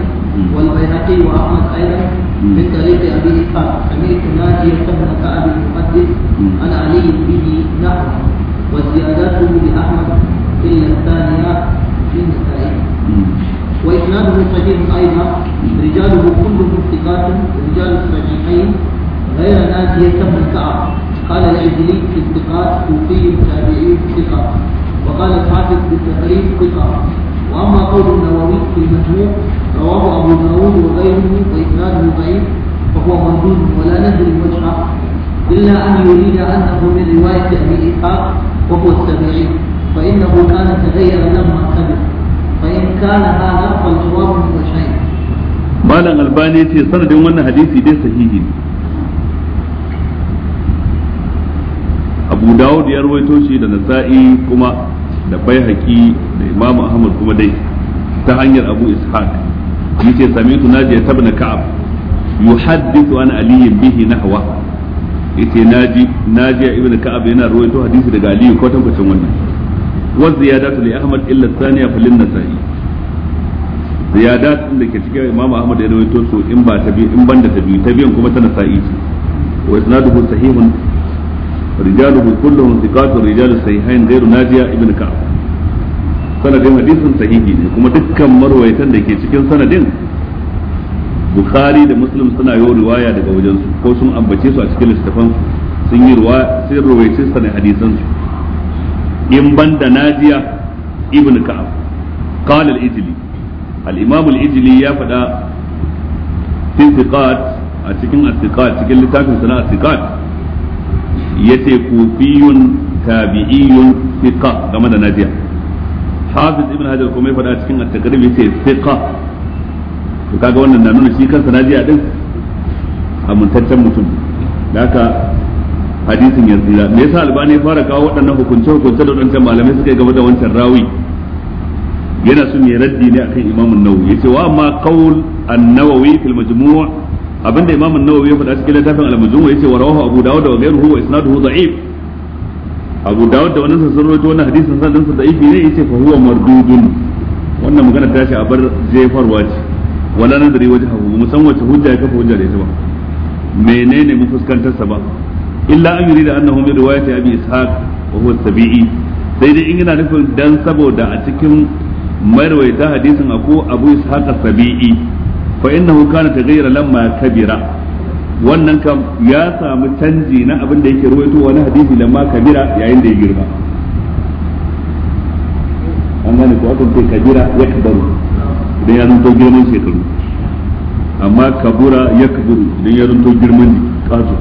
S3: والبيهقي واحمد ايضا من طريق ابي اسحاق سمعت ناجي بن كعب المقدس عن علي به نحو وزيادته لاحمد الا الثانيه في النسائي واسناده صحيح ايضا رجاله كلهم ثقات رجال الصحيحين غير ناجية بن كعب قال العجلي في الثقات كوفي تابعي ثقة وقال الحافظ بالتقريب ثقة وأما قول النووي في المجموع رواه أبو داود وغيره وإسناده ضعيف وهو مردود ولا ندري وجهه إلا أن يريد أنه من رواية أبي إسحاق وهو السبيعي فإنه كان تغير لما كبر فإن كان هذا فالجواب هو شيء
S1: malam albani ce sanadin wannan hadisi dai sahihi ne abu dawud ya rawaito shi da nasa'i kuma da baihaqi da imam ahmad kuma dai ta hanyar abu ishaq yace sami'tu najiya tabna ka'ab yuhaddithu an ali bihi nahwa yace naji najiya ibnu ka'ab yana rawaito hadisi daga ali ko tabbacin wannan wa ziyadatu li ahmad illa thaniya fa lin nasa'i ziyadat da ke cikin imamu ahmad ya rawaito su in ba ta in banda ta biyu ta biyan kuma ta nasa'i ce wa isnaduhu sahihun rijaluhu kulluhum thiqatu rijalu sahihain ghayru najiya ibnu ka'ab sanadin hadisin sahihi ne kuma dukkan marwayatan da ke cikin sanadin bukhari da muslim suna yi riwaya daga wajensu ko sun ambace su a cikin littafan sun yi ruwa sun rawaice sa ne hadisan su in banda najiya ibn ka'ab qala al-ijli al-imam al-ijli ya fada fi a cikin athiqat cikin littafin sana athiqat yace kufiyun tabi'iyun thiqa game da najiya hafiz ibn hajar kuma ya faɗa cikin at-taqrib yace thiqa to kaga wannan na nuna ya fara kawo waɗannan hukunce hukunce da suka yi raddi ne akan imam an-nawawi yace wa amma qaul an-nawawi fil majmu' abinda imam an-nawawi ya faɗa cikin littafin al-majmu' yace wa rawahu abu dawud wa ghayruhu wa isnaduhu da'if abu dawud da wannan sun rawaito wannan hadisin sanadin sa da'ifi ne yace fa huwa mardudun wannan magana ta shi a bar jefarwa ce wala nadri wajhahu musamman ta hujja ya kafa hujja da ita ba menene mu fuskantar sa ba illa an da annahu bi riwayati abi ishaq wa huwa tabi'i sai dai in yana nufin dan saboda a cikin marwaita hadisin akwai abu ishaq tabi'i fa innahu kana tagayyara lamma kabira wannan kam ya samu canji na abin da yake ruwaito wani hadisi lamma kabira yayin da ya girma an gane ko akan ce kabira ya kabaru idan ya zanto girman shekaru amma kabura ya kabaru idan ya zanto girman ne kato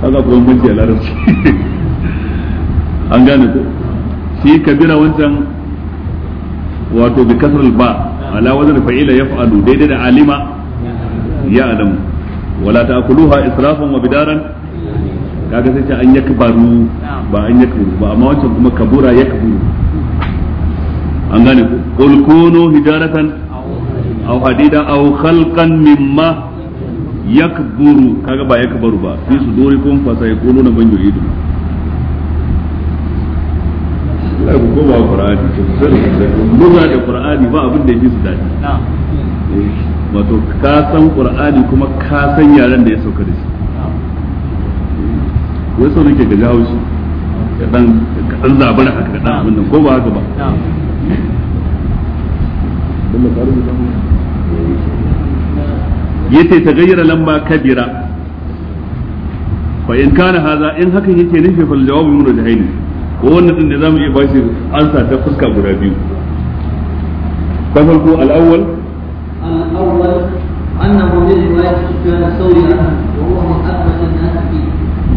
S1: kaga ko banci a larabci an gane ko shi kabira wancan wato bi kasral ba ala wazn fa'ila yaf'alu daidai da alima ya adamu wala ta'kuluha israfan wa bidaran kaga sai ce an yakbaru ba an yakburu ba amma wancan kuma kabura yakburu an gane ku qul kunu hijaratan aw hadida aw khalqan mimma yakburu kaga ba yakbaru ba fi sudurikum fa sayquluna man yuridu
S3: Allah ku koma Qur'ani ku
S1: sani da Qur'ani ba abin da yake su dadi wato ka san qur'ani kuma ka san yaren da ya sauka da shi wai sau nake ga jawo shi ka dan zabar haka ka dan abin nan ko ba haka ba yace ta gayyara lamba kabira fa in kana haza in hakan yake nufi fal jawabu mun da jahaili ko wannan din da zamu iya bashi ansa ta fuska guda biyu ta farko al-awwal
S3: الأول أنه من رواية سفيان الثوري عنه وهو من أثبت الناس فيه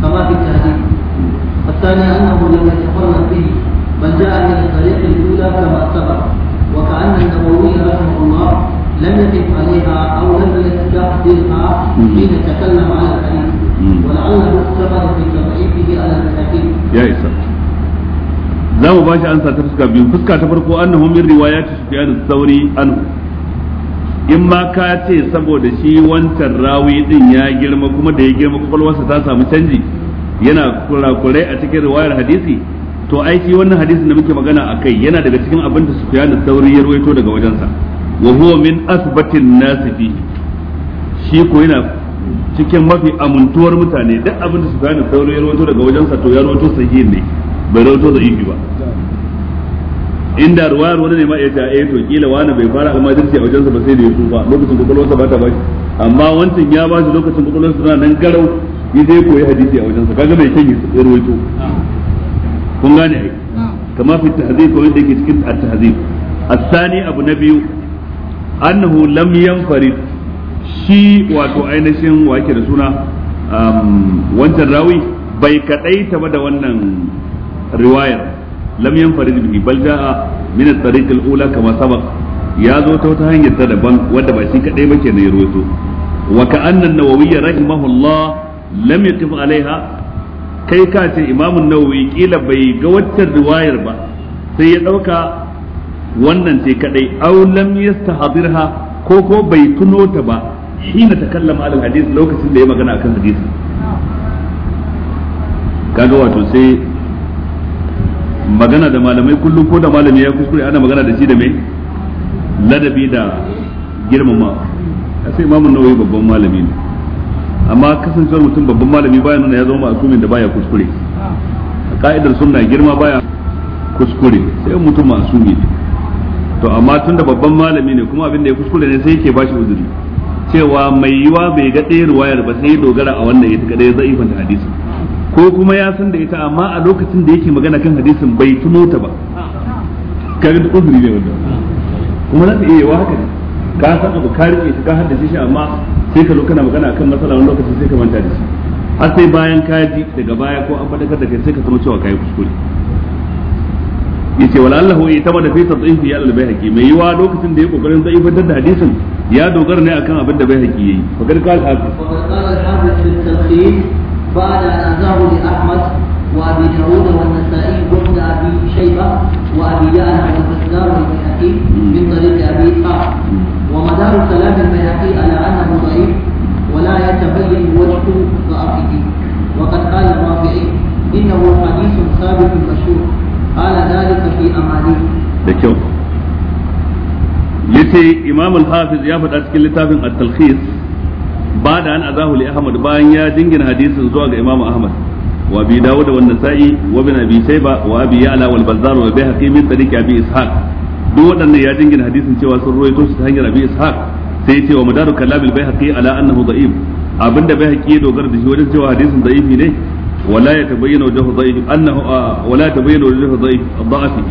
S3: كما في التهذيب الثاني أنه لم يتفرد به بل جاء من الطريق الأولى كما سبق وكأن النووي رحمه الله لم يقف عليها أو لم يستحضرها حين تكلم على الحديث ولعله اقتصر في تضعيفه على المساكين.
S1: يا إسحاق. za mu ba shi ansa ta fuska أنه من روايات سفيان الثوري min in ma ka ce saboda shi wancan rawi din ya girma kuma da ya girma kwakwalwarsa ta samu canji yana kurakurai a cikin riwayar hadisi to ai shi wannan hadisin da muke magana a kai yana daga cikin abin da su al-Thawri ya ruwaito daga wajensa wa huwa min asbatin nas fi shi ko yana cikin mafi amintuwar mutane duk abin da su al-Thawri ya ruwaito daga wajensa to ya rawaito sahihi ne bai ruwaito da ba inda ruwayar wani ne ma ya ce eh to kila wani bai fara dirce a wajen sa ba sai da ya ba lokacin sa ba ta bashi amma wancan ya bashi lokacin kokolon sa nan garau yi zai koyi hadisi a sa kaga mai kyan ya rawaito kun gane ai kama fi tahzib ko yadda yake cikin at-tahzib sani abu na biyu annahu lam yanfarid shi wato ainihin wake da suna wancan rawi bai kadaita ba da wannan riwayar lam yanfarid bihi bal jaa min at-tariq al-ula kama sabaq ya zo ta wata hanyar ta daban wadda ba shi kadai ba kenan ya rawaito wa ka'anna an-nawawi rahimahullah lam yakif alaiha kai ka ce imamu nawawi kila bai ga waccan riwayar ba sai ya dauka wannan ce kadai aw lam yastahdirha ko ko bai tuno ta ba hina takallama al hadith lokacin da ya magana akan hadisi kaga wato sai magana da malamai kullum ko da malami ya kuskure ana magana da shi da mai ladabi da girmama a sai imamun nawawi babban malami ne amma kasancewar mutum babban malami baya nuna ya zama ma'asumin da baya kuskure
S2: a
S1: ka'idar sunna girma baya kuskure sai mutum ma'asumi ne to amma tunda babban malami ne kuma abin da ya kuskure ne sai yake shi uzuri cewa mai yiwa bai ga ɗaya ruwayar ba sai dogara a wannan ita kadai zai ifanta hadisin ko kuma ya san da ita amma a lokacin da yake magana kan hadisin bai tuno ta ba kaga da uzuri ne wanda kuma za ta iya yawa haka ne ka san abu ka rike shi ka haddace shi amma sai ka zo kana magana kan matsala wani lokaci sai ka manta da shi har sai bayan ka ji daga baya ko an faɗakar da kai sai ka tuno cewa kai kuskure yace wala Allah ya taba da fi tadhifi ya al-bayhaqi mai yiwa lokacin da ya kokarin fitar da hadisin ya dogara ne akan abin da bayhaqi yayi fa garka
S3: al-hafiz بعد أن أنزعه لأحمد وأبي داود والنسائي وابن أبي شيبة وأبي يعلى والبزار والبيهقي من طريق أبي إسحاق ومدار كلام البيهقي على أنه ضعيف ولا يتبين وجه ضعفه وقد قال الرافعي إنه حديث ثابت مشهور قال ذلك في أمانيه لكن yace إمام al-hafiz ya
S1: faɗa التلخيص ba da an azahu li ahmad bayan ya dingina hadisin zuwa ga imamu ahmad wa bi dawud wa nasa'i wa bin abi shayba wa abi ya'la wal bazzar wa bihaqi min tariq abi ishaq duk waɗannan ya dingina hadisin cewa sun ruwaito shi ta hanyar abi ishaq sai cewa madaru kalamil baihaqi ala annahu da'if abinda baihaqi ya dogara da shi wajen cewa hadisin da'ifi ne wala ya tabayyana wajhu da'if annahu wala tabayyana wajhu da'if da'afi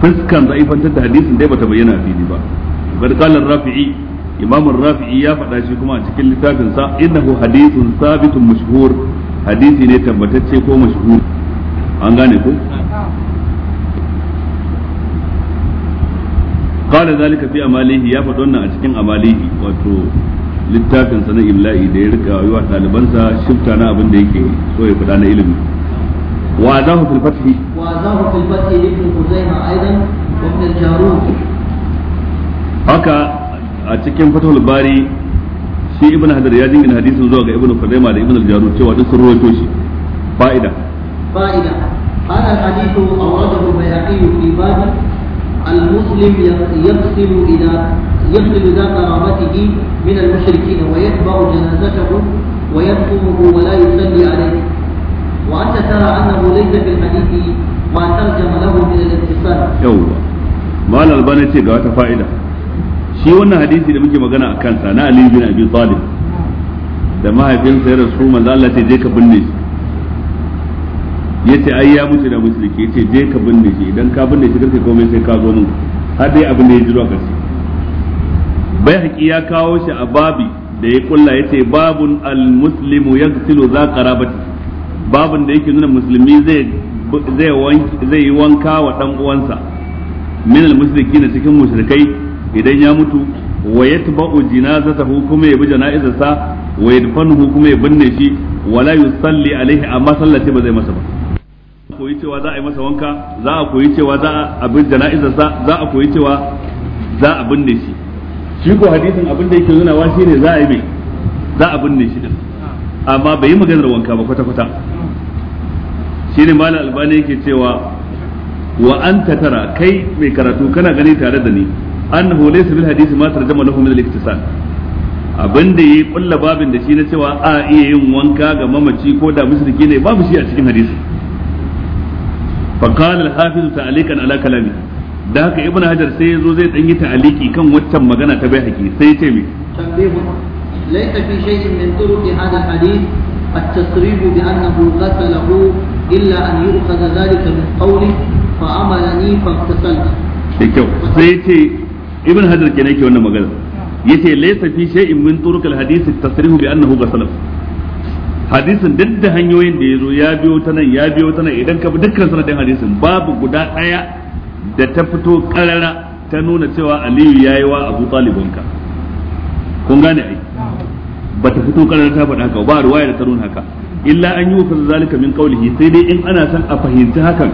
S1: fuskan da'ifantar da hadisin dai bata bayyana a fili ba qad qala imam rafi'i ya faɗa shi kuma a cikin littafin sa innahu hadithun sabitun mashhur hadisi ne tabbatacce ko mashhur an gane ko قال ذلك ya أماليه wannan a cikin أماليه wato littafin sa na imla'i da ya riga yi wa ɗalibansa shifta na abin da yake so ya faɗa na ilimi wa zahu fil fathi
S3: wa zahu fil fathi ibn khuzaimah aidan wa ibn al-jarud
S1: haka a cikin fatahul bari shi ibn hadar ya jingina hadisin zuwa ga ibn khuzaimah da ibn al cewa duk sun rawaito shi fa'ida
S3: fa'ida qala al-hadithu awradahu bayhaqi fi bab al-muslim yaqsilu ila yaqsilu za karamatihi min al-mushrikin wa yatba'u tara yawwa
S1: ce ga wata fa'ida shi wannan hadisi da muke magana a kansa na Ali bin Abi Talib da mahaifinsa ya rasu manzo Allah ce je ka binne shi yace ai ya mutu da musulki yace je ka binne shi idan ka binne shi kake komai sai ka zo mun har dai abin da ya jiro kashi bai haƙi ya kawo shi a babi da ya kulla yace babun al-muslimu yaghsilu za qarabati babun da yake nuna musulmi zai zai zai yi wanka wa dan uwansa min al na cikin musulkai idan ya mutu wa za ta hukuma ya bi jana'izarsa wa dufan hukuma ya binne shi wala salli alaihi amma sallati ba zai masa ba Za a koyi cewa za a yi masa wanka za a koyi cewa za a bi jana'izarsa za a koyi cewa za a binne shi shi ko hadisin abin da yake nuna wa shi ne za a yi mai za a binne shi din amma bai yi maganar wanka ba kwata kwata shine malam albani yake cewa wa an tara kai mai karatu kana gani tare da ni annahu laysa bil hadisi ma tarjama lahu min al-iktisal da ya kulla babin da shi na cewa a iya yin wanka ga mamaci ko da mushriki ne babu shi a cikin hadisi fa qala al-hafiz ta'alikan ala kalami da haka ibn hajar sai yazo zai danyi ta'aliki kan waccan magana ta bai haƙi sai ce me
S3: laysa fi shay'in min turuq hadha al-hadith at-tasrib bi illa an yu'khadha dhalika min qawli fa amalani fa iktasalna
S1: Ya ibn hajar kenan yake wannan magana yace laysa fi shay'in min turuq al-hadith tasrihu bi annahu ghasalaf hadisin duk da hanyoyin da ya zo ya biyo ta nan ya biyo ta nan idan ka bi dukkan sanadin hadisin babu guda ɗaya da ta fito karara ta nuna cewa aliyu ya yi wa abu talibinka kun gane ai ba ta fito karara ta faɗa haka ba ruwaya da ta nuna haka illa an yi wa zalika min qawlihi sai dai in ana son a fahimci hakan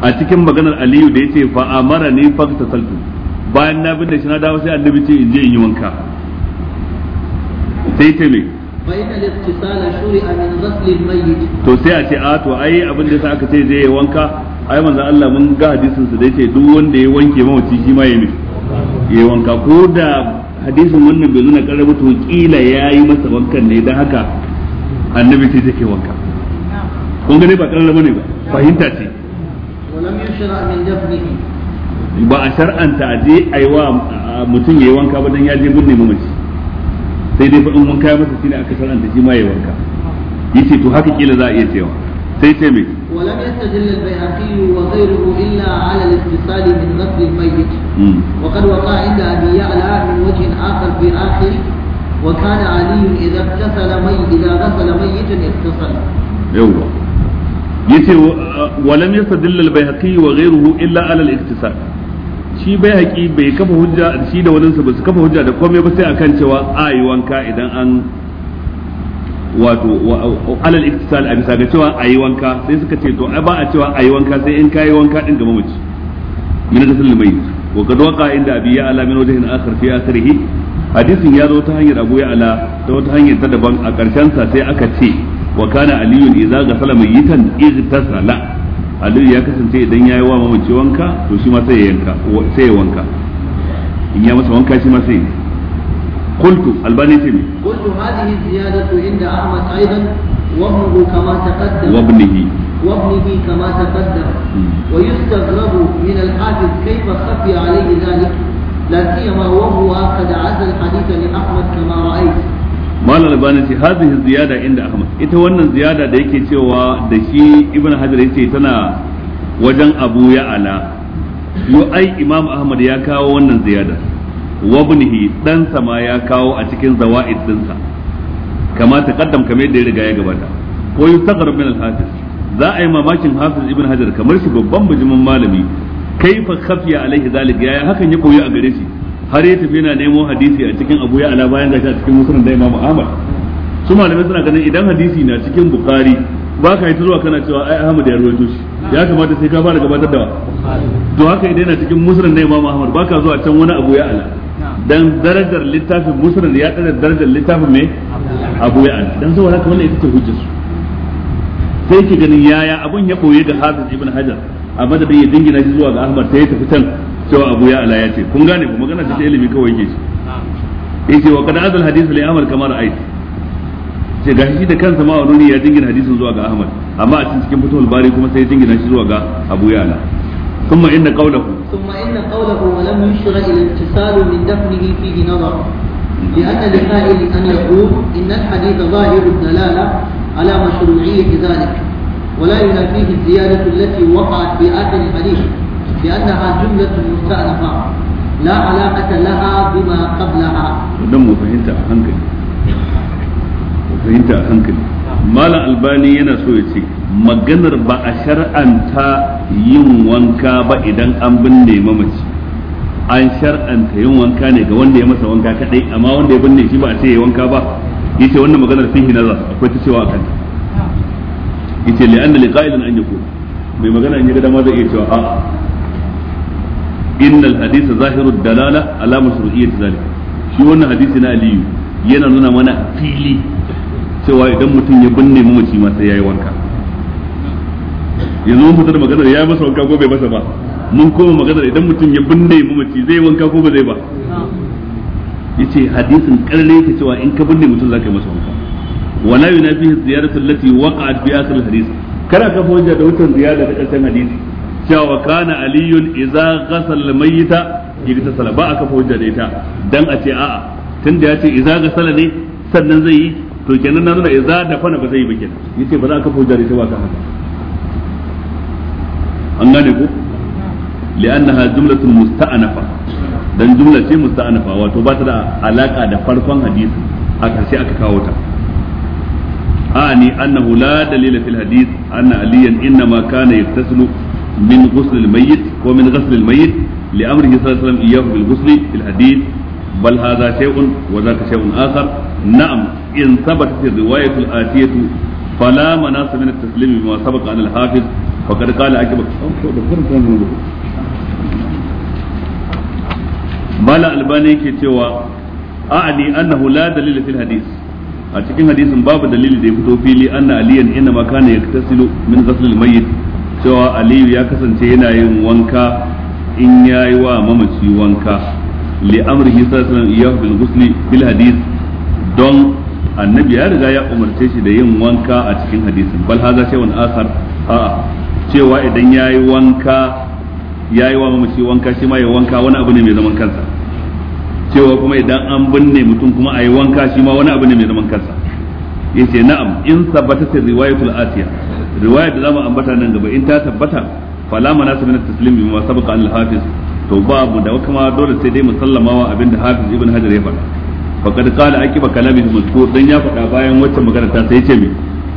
S1: a cikin maganar aliyu da yace fa amara ni faqta saltu bayan na binne shi na dawo sai annabi ce in je in yi wanka sai ta me to sai a ce a to ai abin da aka ce zai yi wanka ai manzo Allah mun ga hadisin su da yake duk wanda ya wanke mamaci shi ma ya
S3: yi
S1: ya wanka ko da hadisin wannan bai nuna karabu to kila yayi masa wankan ne dan haka annabi sai take wanka kun ga ne ba karabu ne ba fahimta ce
S3: ولم يشرع من دفنه
S1: ba a shar'anta a je a yi wa mutum ya yi wanka ba don ya je ma mamaci sai dai faɗin wanka ya masa shine aka shar'anta shi ma ya yi wanka yace to
S3: haka kila za a iya cewa sai ce mai ولم يستدل البيهقي وغيره إلا على الاتصال من غسل الميت وقد وقع عند أبي يعلى من وجه آخر في آخر وكان علي إذا اغتسل ميت إذا غسل ميتا اغتسل
S1: يوه yace walam yastadilla al-bayhaqi wa ghayruhu illa alal hmm. al shi bai haƙi bai kafa hujja shi da waninsa ba su kafa hujja da komai ba sai akan cewa a yi wanka idan an wato alal iktisal a bisa ga cewa a yi wanka sai suka ce to ba a cewa a yi wanka sai in kayi wanka din ga mamaci min da sallin mai wa ga doka inda abi ya ala min wajhin akhar fi akhirih hadisin ya zo ta hanyar abu ya ala ta wata hanyar ta daban a karshen sa sai aka ce wa kana aliyun idza ghasala mayitan igtasala aliyu ya kasance idan ya yi wa mamaci wanka to shi ma sai ya yanka sai ya wanka in ya masa wanka shi ma sai قلت الباني تيمي
S3: قلت هذه الزيادة عند أحمد أيضا وابنه كما تقدم وابنه وابنه كما تقدم ويستغرب من الحافظ كيف خفي عليه ذلك لا سيما وهو قد عزى الحديث لأحمد كما رأيت
S1: malam albani ce hadhihi ziyada inda ahmad ita wannan ziyada da yake cewa da shi ibn hajar yace tana wajen abu ya ala yo ai imam ahmad ya kawo wannan ziyada wa ibnihi dan sama ya kawo a cikin zawaid dinsa kama kaddam kamar da ya riga ya gabata ko sakar min al-hafiz za a yi mamakin hafiz ibn hajar kamar shi babban bijimin malami kaifa khafiya alaihi zalik yaya hakan ya koyi a gare shi har ya tafi yana nemo hadisi a cikin Abu ya ala bayan gashi a cikin musulun da imamu Ahmad su malamai suna ganin idan hadisi na cikin bukari ba ka yi zuwa kana cewa ai Ahmad ya rawaito shi ya kamata sai ka fara gabatar da to haka idan yana cikin musulun da imamu Ahmad ba ka zuwa can wani Abu ya ala dan darajar littafin musulun ya tsara darajar littafin me Abu ya ala dan saboda haka wannan ita ce hujjar su sai ki ganin yaya abun ya koye ga Hafiz Ibn Hajar a madadin ya dingina shi zuwa ga Ahmad sai ya tafi can cewa abu ya ala ya ce kun gane ba magana ta ilimi kawai yake shi yace wa kada azal hadith li amal kamar ait ce ga shi da kansa ma wani ya jingina hadisin zuwa ga ahmad amma a cikin fitowar bari kuma sai jingina shi zuwa ga abu ya ala ثم إن قوله
S3: ثم إن قوله ولم يشر إلى اتصال من دفنه فيه نظر لأن لقائل أن يقول إن الحديث ظاهر الدلالة على مشروعية ذلك ولا ينافيه الزيادة التي وقعت في آخر الحديث لأنها جملة مستأنفة لا علاقة لها بما قبلها
S1: دم وفهمت أهنكلي وفهمت أهنكلي Malam Albani yana so ce maganar ba a shar'anta yin wanka ba idan an binne mamaci an shar'anta yin wanka ne ga wanda ya masa wanka kadai amma wanda ya binne shi ba a ce ya wanka ba yace wannan maganar fihi nazar akwai ta cewa akan yace li anna liqa'ilan an yakun mai magana in ya ga dama zai iya cewa a'a innal hadith zahirud dalala ala mashru'iyyati zalik shi wannan hadisi na aliyu yana nuna mana fili cewa idan mutum ya binne mamaci ma sai yayi wanka yanzu mun fitar maganar ya masa wanka ko bai masa ba mun koma maganar idan mutum ya binne mamaci zai wanka ko ba zai ba yace hadisin karne yake cewa in ka binne mutum zaka yi masa wanka wala yunafihi ziyaratu allati waqa'at bi akhir alhadith kada ka fawja da wutan ziyara da karshen hadisi cewa wa kana aliyun idza ghasal mayyita igtasala ba aka fa hujja da ita dan a ce a'a tunda ya ce idza ghasala ne sannan zai yi to kenan na nuna idza fana ba zai yi ba kenan yace ba za ka fa hujja da ita ba ka haka an gane ko li'annaha jumlatun musta'anafa dan jumla ce musta'anafa wato ba ta da alaka da farkon hadisi a karshe aka kawo ta أعني أنه لا دليل في الحديث أن عليا إنما كان يغتسل min ghusl al ko min ghusl al-mayyit li amrihi sallallahu alaihi iyyahu bil ghusl fil hadith bal hadha shay'un wa dhaka shay'un akhar na'am in thabatat ar-riwayatu al-atiyatu fala manas min at-taslim bima sabaqa an al-hafiz faqad qala akibak oh, oh, oh, ke cewa a'ani annahu hula fil a cikin hadisin babu dalili da ya fito fili anna aliyan inna ma kana yaktasilu min ghusl al-mayyit cewa aliyu ya kasance yana yin wanka in ya yi wa mamaci wanka li amrihi sallallahu alaihi bil ghusli bil hadith don annabi ya riga ya umarce shi da yin wanka a cikin hadisin bal haza shay'un asar. a cewa idan ya yi wanka ya yi wa mamaci wanka shi ma ya wanka wani abu ne mai zaman kansa cewa kuma idan an binne mutum kuma a yi wanka shi ma wani abu ne mai zaman kansa yace na'am in sabbata riwayatul atiya riwaya da zamu ambata nan gaba in ta tabbata fala manasa min taslim bima sabaqa al-hafiz to babu da kuma dole sai dai musallamawa abinda hafiz ibn hajar ya faɗa faqad qala akiba kalamihi mazkur dan ya faɗa bayan wacce magana ta sai ce me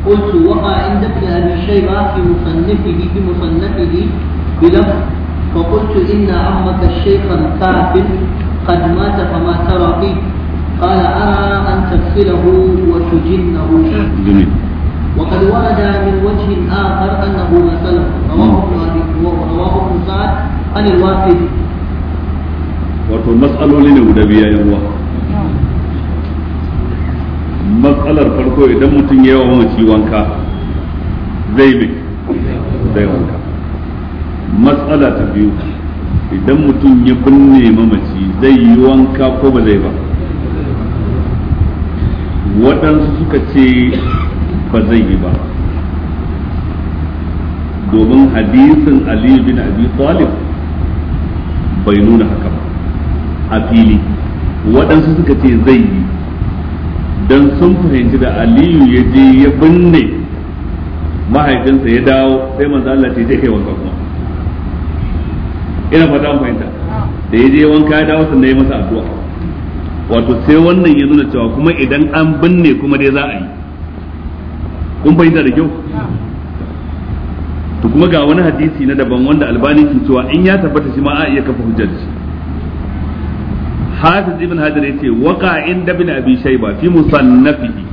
S3: قلت وقع عند ابن ابي شيبه في مصنفه بمصنفه بلفظ فقلت ان عمك الشيخ الكافر قد مات فما ترى فيه قال ارى ان تغسله وتجنه جميل وقد ورد من وجه آخر أنه مثل رواه ابن سعد عن الوافد
S1: wato matsaloli ne guda biya yan uwa matsalar farko idan mutum ya yawa mace wanka zai bi zai wanka matsala ta biyu idan mutum ya binne mamaci zai yi wanka ko ba zai ba waɗansu suka ce ba zai yi ba domin hadisin aliyu bin abi talib bai nuna haka ba a fili waɗansu suka ce zai yi don sun fahimci da aliyu ya je ya binne mahaifinsa ya dawo sai manzo Allah ce kai wanka kuma ina fata mun fahimta da ya je wanka ya dawo sannan ya masa addu'a wato sai wannan ya nuna cewa kuma idan an binne kuma dai za a yi kun bai da kyau to kuma ga wani hadisi na daban wanda albani ke cewa in ya tabbata shi ma a iya kafa hujjar shi hafiz ibn hajar yace waqa inda bin abi shayba fi musannafihi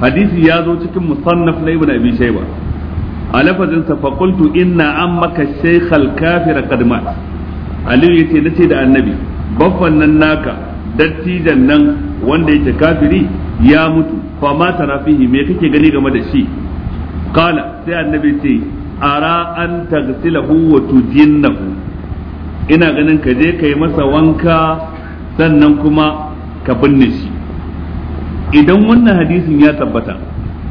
S1: hadisi ya zo cikin musannaf na ibn abi shayba a lafazin sa fa qultu inna ammaka shaykh al kafir qad mat ce yace nace da annabi baffan nan naka dattijan nan wanda yake kafiri ya mutu fa ma tara fihi me kake gani game da shi qala sai annabi ce ara an tagsilahu wa tujinnahu ina ganin ka je kai masa wanka sannan kuma ka binne shi idan wannan hadisin ya tabbata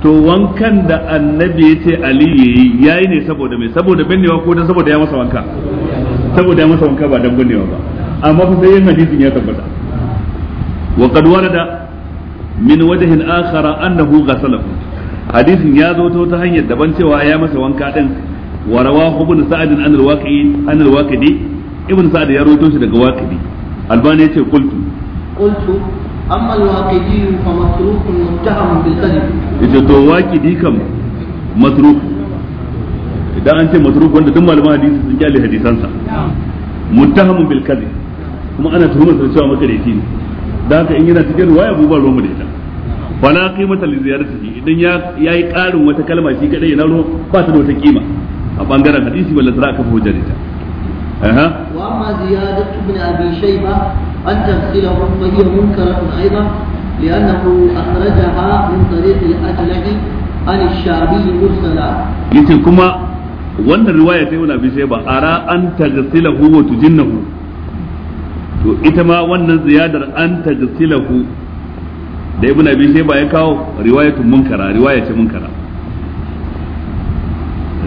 S1: to wankan da annabi ya ce ali yayi yayi ne saboda me saboda binnewa ko dan saboda ya masa wanka saboda ya masa wanka ba dan binnewa ba amma fa sai yin hadisin ya tabbata wa qad warada min wajhin akhara annahu ghasalahu hadisin ya zo ta wata hanyar daban cewa ya masa wanka din wa rawahu ibn sa'd an al-waqi an al-waqidi ibn sa'd ya rawaito shi daga waqidi albani yace qultu
S3: qultu amma al-waqidi fa masrufun muttaham bil kadhib
S1: yace to waqidi kam masruf idan an ce masruf wanda duk malaman hadisi sun kyale hadisansa muttahamun bil kadhib kuma ana tuhumar sa cewa makareci ne da haka in yana cikin waya buba ruwan mu da ita wala qimata li ziyaratihi idan ya yayi karin wata kalma shi kadai yana ruwa ba ta da wata kima a bangaren hadisi wala tara aka hujja da ita aha
S3: wa amma ziyadatu ibn abi shayba an tafsilahu fa hiya munkaratun aidan li'annahu akhrajaha min tariq al-ajlabi an ash-shabi mursala
S1: yace kuma wannan riwaya ta ibn abi shayba ara an tagsilahu wa tujinnahu to ita ma wannan ziyadar an tagsilahu da ibn abi shayba ya kawo riwayatun munkara riwaya ce munkara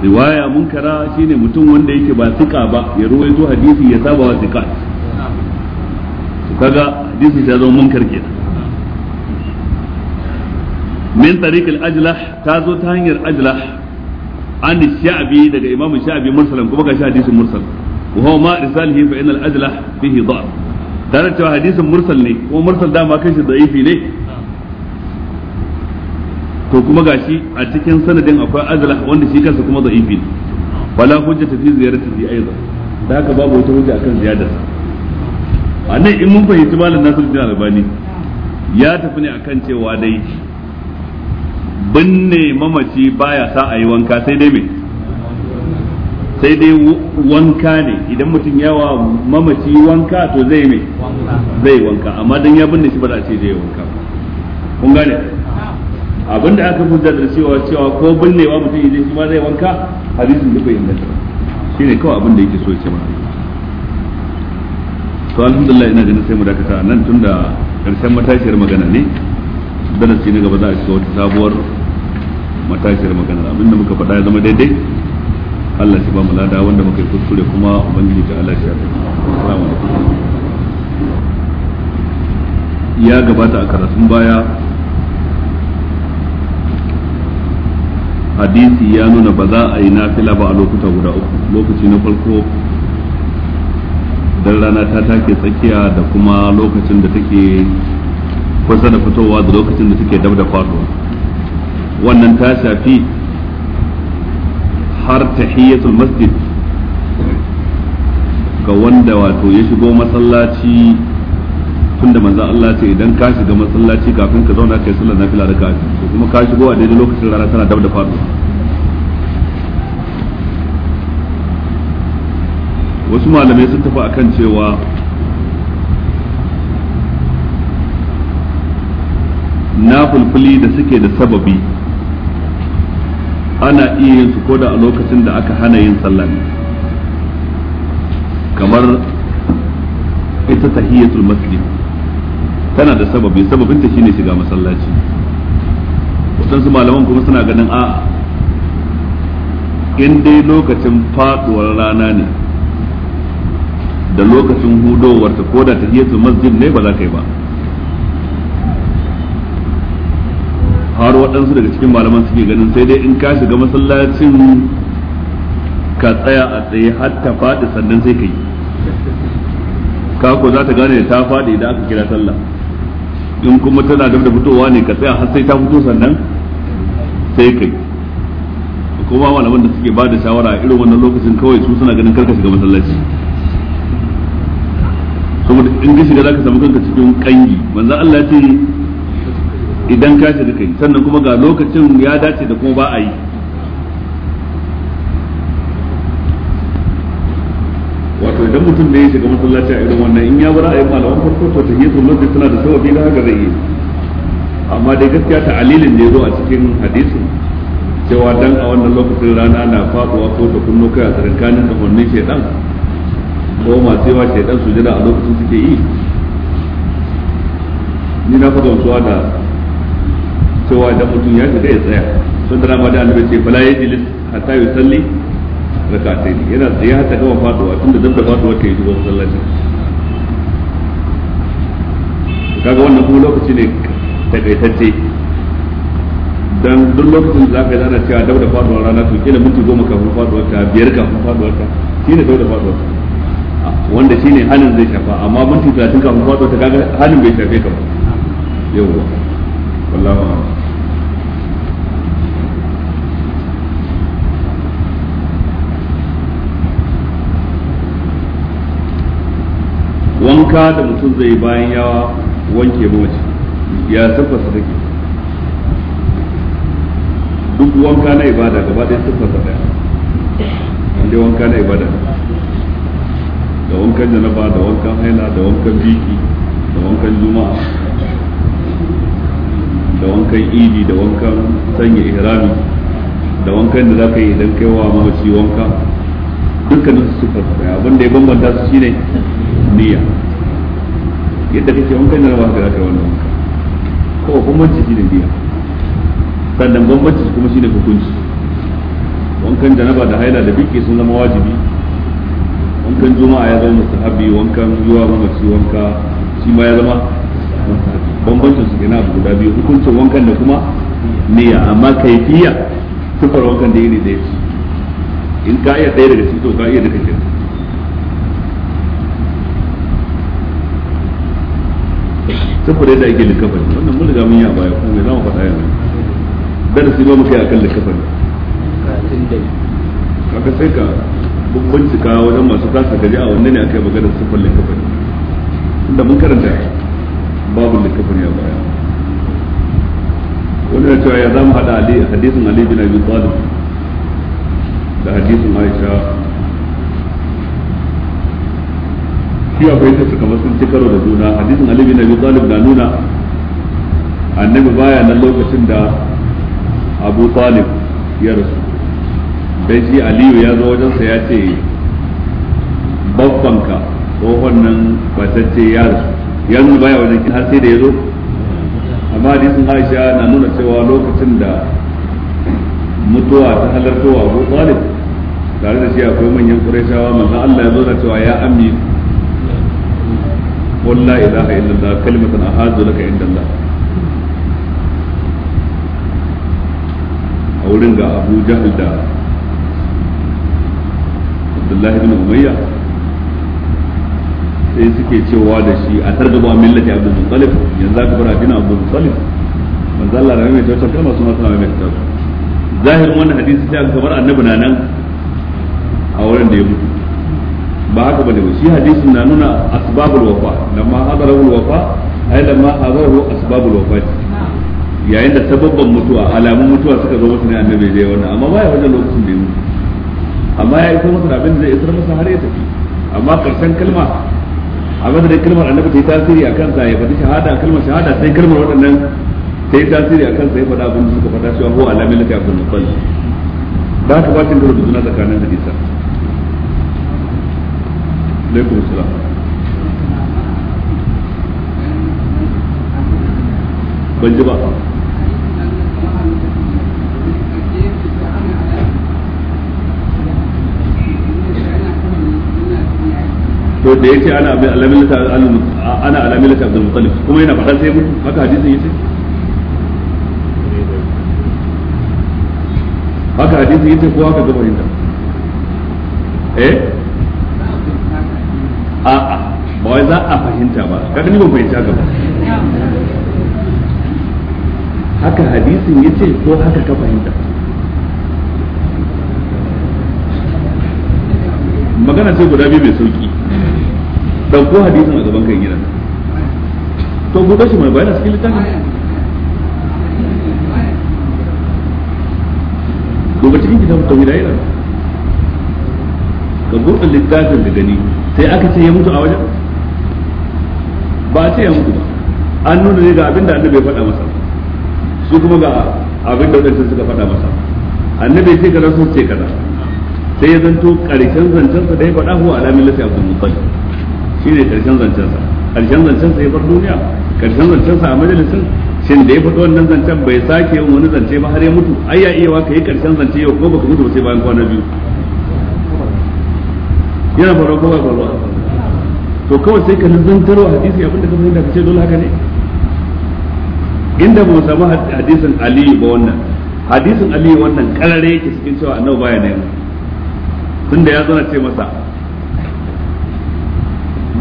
S1: riwaya munkara shine mutum wanda yake ba sika ba ya ruwaito hadisi ya saba wa sika kaga hadisi ya zama munkar kenan min tariq al-ajlah ta zo ta hanyar ajlah an sha'bi daga imamu sha'bi mursalan kuma ga hadisin mursal wa huwa ma risalihi fa inal ajlah fihi da'f tare cewa hadisin mursal ne ko mursal dama kai shi da'ifi ne to kuma gashi a cikin sanadin akwai azla wanda shi kansa kuma da ne wala hujjata fi ziyaratihi aidan da haka babu wata hujja akan ziyadarsa annan in mun fahimci malam Nasiruddin Albani ya tafi ne akan cewa dai binne mamaci baya sa a yi wanka sai dai me sai dai wanka ne idan mutum yawa mamaci wanka to zai me zai wanka amma dan ya binne shi ba za a ce zai wanka kun gane abinda aka hujja da cewa cewa ko binnewa mutum idan shi ma zai wanka hadisin duk bai inganta ne kawai abin da yake so ya ce mana to alhamdulillah ina ganin sai mu dakata nan tunda karshen matashiyar magana ne darasi na gaba za a shiga wata sabuwar matashiyar magana abinda muka faɗa ya zama daidai Allah shi ba mu lada wanda muka yi kuskure kuma ubangiji ta Allah shi ya ya gabata a karatun baya hadisi ya nuna ba za a yi nafila ba a lokuta guda uku lokaci na farko dan rana ta take tsakiya da kuma lokacin da take kusa da fitowa da lokacin da take dab da faduwa wannan ta shafi har tahiyatul masjid ga wanda wato ya shigo masallaci tunda manzon Allah ce idan ka shiga masallaci kafin ka zauna kai sallar nafila da kafi kuma ka shigo a daidai lokacin rana tana dab da faɗo wasu malamai sun tafi akan cewa na fulfuli da suke da sababi ana iya yin su koda a lokacin da aka hana yin sallah kamar ita tahiyatul masjid tana da sababi sababin ta shine shiga masallaci su malaman kuma suna ganin a in dai lokacin faduwar rana ne da lokacin hudowarta ko da tahiyatul masjid ne ba za ka yi ba har waɗansu daga cikin malaman suke ganin sai dai in ka shiga masallacin ka tsaya a tsaye har ta faɗi sannan sai ka yi kako za ta gane da ta faɗi idan aka kira sallah in kuma tana da da fitowa ne ka tsaya har sai ta fito sannan sai kai kuma malaman da suke ba da shawara irin wannan lokacin kawai su suna ganin karka shiga masallaci saboda in ka shiga zaka samu kanka cikin kangi manzo Allah ya ce idan ka shiga kai sannan kuma ga lokacin ya dace da kuma ba a yi idan mutum da ya shiga masallaci a irin wannan in ya bar ayi malaman farko to ta yesu da tana da sababi da haka zai yi amma dai gaskiya ta alilin ne zo a cikin hadisi cewa dan a wannan lokacin rana na faduwa ko ta kunno kai a da wannan shedan ko sai wa shedan su jira a lokacin suke yi ni na fada gamsuwa da cewa idan mutum ya shiga ya tsaya sun da ramadan da annabi ce fala yajlis hatta yusalli rakatai ne yana tsaye har ta gama faduwa tunda dab da faduwa ta yi zuwa masallaci kaga wannan kuma lokaci ne takaitacce dan duk lokacin da zaka yi ana cewa dab da faduwa rana to kila minti goma kafin faduwa ta biyar kafin faduwa ta shine dab da faduwa ta wanda shine halin zai shafa amma minti 30 kafin faduwa ta kaga halin bai shafe ka ba yawwa wallahi wanka da mutum zai bayan yawa wanke mace ya tabbata take duk wanka na ibada gaba ɗaya tabbata
S2: ɗaya inda wanka na ibada
S1: da wankan janaba da wankan haina da wankan biki da wankan juma'a da wankan idi da wankan sanya ihrami da wankan da za ka yi idan kai wa mamaci wanka dukkanin su suka abin da ya bambanta su shine niyya yadda kake wankan nan ba ka wani wannan ko bambanci ne biya sannan bambanci kuma ne hukunci wankan janaba da haila da biki sun zama wajibi wankan juma'a ya zama mustahabi wankan ba mamaci wanka shi ma ya zama bambancin su kenan abu guda biyu hukuncin wankan da kuma niyya amma kaifiya sufar wankan da ne da ya ci in ka iya ɗaya daga cikin to ka iya duka kenan saboda yadda ake likafani wannan mun riga mun yi a baya ko me za mu faɗa yanzu darasi ba muka yi akan likafani kaga sai ka bincika wajen masu kasa gaji a wanne ne aka yi maganar sufan likafani inda mun karanta babu likafani a baya wani da cewa ya za mu haɗa hadisin Ali bin Abi Talib da hadisin Aisha kiwa akwai ta suka sun ci karo da juna hadisin alibi na Abi Talib na nuna annabi baya nan lokacin da Abu Talib ya rasu dai shi Aliyu ya zo wajensa ya ce babbanka tsohon nan batacce ya rasu ya nuna baya wajen har sai da ya zo amma hadisin Aisha na nuna cewa lokacin da mutuwa ta halartowa Abu Talib tare da shi akwai manyan Qurayshawa manzo Allah ya zo da cewa ya amina. qul ilaha illallah kalimatan ahadu laka inda Allah a wurin ga Abu jahil da Abdullahi bin Umayya sai suke cewa da shi a targaba millati Abdul Muttalib yanzu aka fara gina Abdul Muttalib manzo Allah da mai tawacce kalma suna suna mai tawacce zahirin wannan hadisi sai aka kamar annabi na nan a wurin da ya mutu ba haka bane ba shi hadisin na nuna asbabul wafa lamma hadarul wafa ai lamma hadarahu asbabul wafa yayin da sababban mutuwa alamun mutuwa suka zo masa ne annabi zai wannan amma ba ya wajen lokacin da ya amma ya isa masa abin da zai isar masa har ya tafi amma karshen kalma a madadin kalmar annabi ta yi tasiri a kansa ya faɗi shahada kalmar shahada sai kalmar waɗannan ta yi tasiri a kansa ya faɗa abin da suka faɗa cewa ko alamin lafiya kun nukwai da haka bacin da rubutu na tsakanin hadisa alaikum salam ban ji ba to da yace ana abin alamilata ana alamilata abdul muttalib kuma yana faɗa sai mutu haka hadisin yace haka hadisin yace ko haka ga fahimta eh a'a ba wai za a fahimta ba kaga ni ban fahimta haka ba haka hadisin yace ko haka ka fahimta magana ce guda biyu mai sauki dauko hadisin a gaban kan gidan to buɗe shi mai bayani cikin littafin duba cikin kitabun tauhid ayyana ka buɗe littafin da gani sai aka ce ya mutu a wajen ba a ce ya mutu ba an nuna ne ga abin da annabi ya faɗa masa su kuma ga abin da wadancan suka faɗa masa annabi ce kaza sun ce kaza sai ya zanto ƙarshen zancensa da ya faɗa ko alamin lafi abdul muttalib shi ne ƙarshen zancensa ƙarshen zancensa ya bar duniya ƙarshen zancensa a majalisin shin da ya faɗi wannan zancen bai sake yin wani zance ba har ya mutu ai ya iya waka ka yi ƙarshen zance yau ko baka mutu ba sai bayan kwana biyu yana baro ko bai baro to kawai sai ka zantarwa hadisi abinda ka fahimta ka ce dole haka ne inda ba mu samu hadisin aliyu ba wannan hadisin aliyu wannan karare yake cikin cewa annabi baya da tun da ya zana ce masa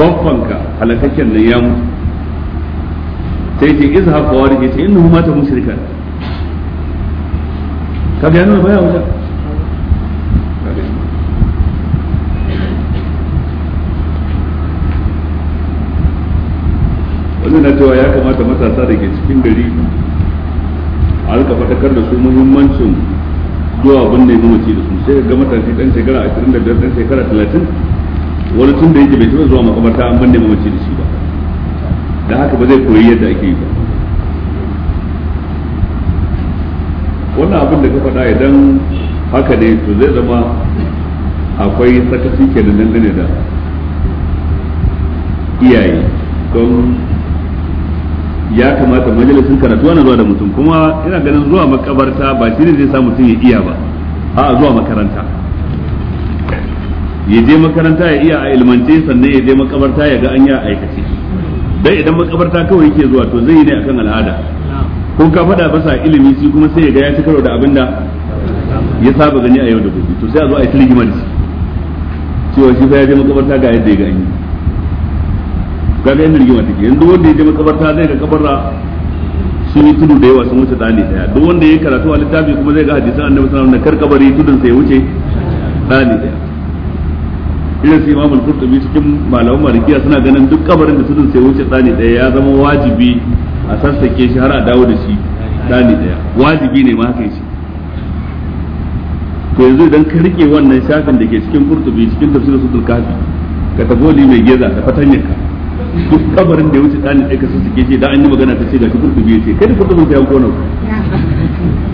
S1: babbanka halakakken nan ya mutu sai ce izhab fawarij ce innahu mata mushrikan kaga yana baya wajen wannan na cewa ya kamata matasa da ke cikin gari a rika fatakar da su muhimmancin zuwa zama mamaci da su sai ga matashi dan shekara 25 dan shekara 30 wani tun da yake bai taɓa zuwa makabarta an binne mamaci da shi ba da haka ba zai koyi yadda ake yi ba wannan abin da ka faɗa idan haka ne to zai zama akwai sakaci kenan dangane da iyaye don ya kamata majalisin karatu ana zuwa da mutum kuma ina ganin zuwa makabarta ba shi ne zai sa mutum ya iya ba a zuwa makaranta ya je makaranta ya iya a ilmance sannan ya je makabarta ya ga an ya aikace dai idan makabarta kawai yake zuwa to zai yi ne akan al'ada ko ka faɗa basa ilimi shi kuma sai ya ga ya ci karo da abin da ya saba gani a yau da gobe to sai a zo a yi tilgimanci cewa shi fa ya je makabarta ga yadda ya ga an yi kaga yanda rigima take yanzu wanda ya je makabarta zai ga kabarra sun yi tudu da yawa sun wuce dali daya duk wanda ya karatu a littafi kuma zai ga hadisan annabi sallallahu alaihi wasallam kar kabari tudun sai wuce dali daya irin su imamul qurtubi cikin malaman malikiya suna ganin duk kabarin da tudun sai wuce dali daya ya zama wajibi a sassake shi har a dawo da shi dali daya wajibi ne ma haka shi to yanzu idan ka rike wannan shafin da ke cikin qurtubi cikin tafsirin suratul kahfi ka ni mai geza ka fatanyarka duk kabarin da ya wuce ɗani ɗaya kasu suke ce da an yi magana ta ce ga shi kurkubi ya ce kai da kurkubin sai an kona ku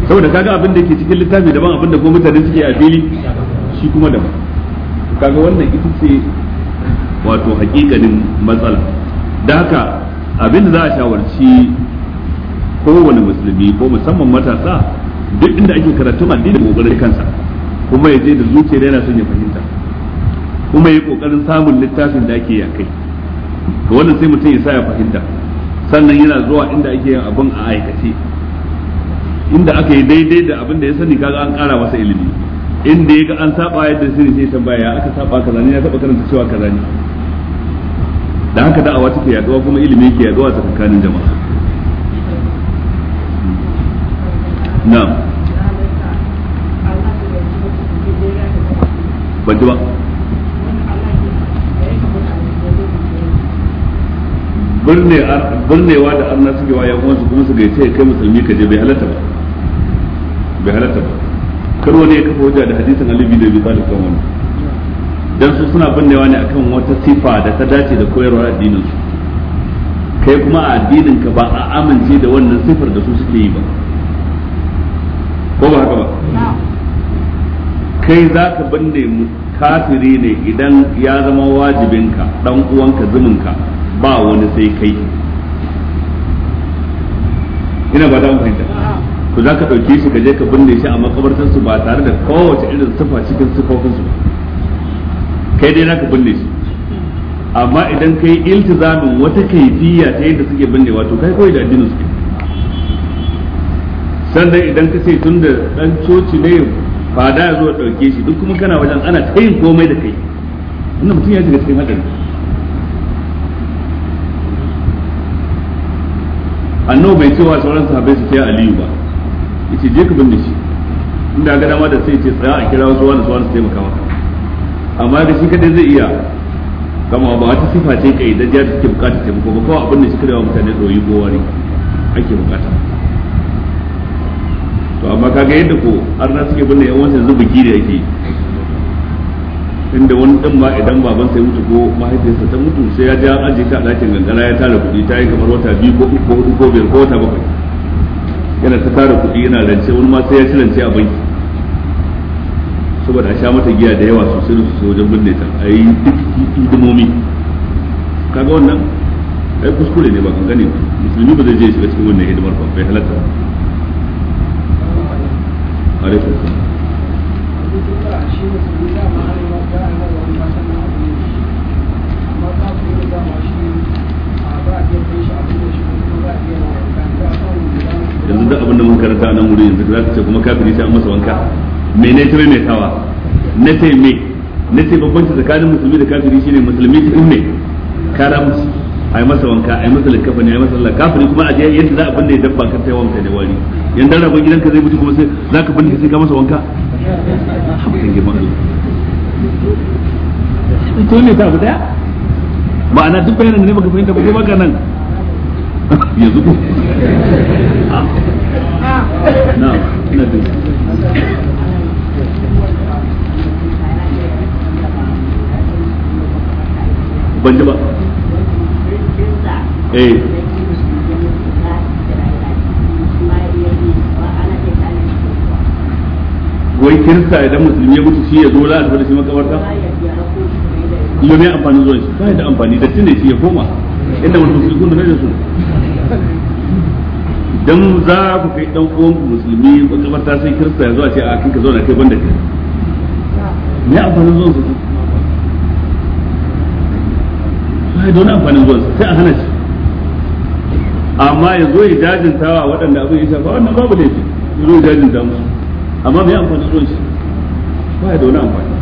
S1: saboda kaga abin da ke cikin littafi daban abin da kuma mutane suke a fili shi kuma daban kaga wannan ita ce wato hakikanin matsala da haka abin da za a shawarci kowane musulmi ko musamman matasa duk inda ake karatun addinin kokarin kansa kuma ya je da zuciya yana son ya fahimta kuma ya kokarin samun littafin da ake yakai kai to wannan sai mutum ya sa ya fahimta sannan yana zuwa inda ake yin abin a aikace inda aka yi daidai da abin da ya sani kaga an kara masa ilimi inda ya ga an saba yadda sirri sai tambaya ya aka saba kaza ne ya saba karanta cewa kaza ne da haka da'awa take yaduwa kuma ilimi ke yaduwa tsakanin jama'a na'am ban ji ba birnewa da arna suke wa yan uwansu kuma su gaice kai musulmi ka je bai halatta ba bai halatta ba kar wani ya kafa hujja da hadisin Ali bin Abi Talib kan wannan dan su suna birnewa ne akan wata sifa da ta dace da koyarwa addinin su kai kuma a addinin ka ba a amince da wannan sifar da su suke yi ba ko ba haka ba kai za ka binne kafiri ne idan ya zama wajibinka dan uwanka zumunka ba wani sai kai ina ba ta fahimta to za ka ɗauke shi ka je ka binne shi a makabartar su ba tare da kowace irin sufa cikin sufofin su kai dai naka binne shi amma idan kai iltizamin wata kaifiyya ta yadda suke binnewa to kai kawai da addinin su sannan idan ka ce tun da dan coci ne fada ya zo ɗauke shi duk kuma kana wajen ana ta yin komai da kai wannan mutum ya shiga cikin haɗari annabi bai wa sauran sahabbai su ce aliyu ba yace je ka binne shi inda ga dama da sai ce tsaya a kira wasu wani su wani su taimaka maka amma da shi kadai zai iya kama ba wata sifa ce kai da jiya take bukata taimako ba kawai abin da shi kadai wa mutane doyi ko wani ake bukata to amma kaga yadda ko har na suke binne yan wasu yanzu biki da yake tunda wani dan ma idan baban sai mutu ko mahaifinsa ta mutu sai ya ji an aje ta dakin gangara ya tara kuɗi ta yi kamar wata biyu ko uku ko hudu ko biyar ko wata bakwai yana ta tara kuɗi yana rance wani ma sai ya ci rance a banki saboda a sha mata giya da yawa sosai da sosai wajen binne ta a yi duk hidimomi kaga wannan ai kuskure ne ba gane ba musulmi ba zai je shiga cikin wannan hidimar ba bai halatta ba alaikum salam yanzu da abin da mun karanta nan wuri yanzu za ka ce kuma kafiri ta an masa wanka me ne tare ne tawa na ce me na ce babbanci tsakanin musulmi da kafiri shine musulmi in me kara musu a masa wanka ai masa likafa ne ai masa Allah kafiri kuma a je yanda za a binne dabba kan sai wanka ne wari yan dan rabon gidanka zai mutu kuma sai za ka binne sai ka masa wanka hakan ke Allah to ne ta abu ma'ana duk bayanan da ne baka fahimta ba ko baka nan ya zuku na'am
S2: ba eh wai
S1: kirista idan musulmi ya mutu shi ya zo la'adar da shi makabarta yau mai amfani zuwa shi ba da amfani da tunai shi ya koma inda wani musulmi da su dan za ku kai dan uwan musulmi ta sai kirista ya zuwa ce a kanka zauna kai banda kai me amfani zuwa su sai don amfani zuwa su sai a hana shi amma ya zo ya jajinta wa waɗanda abin ya shafa wannan babu laifi ya zo ya jajinta musu amma mai amfani zuwa shi ba da wani amfani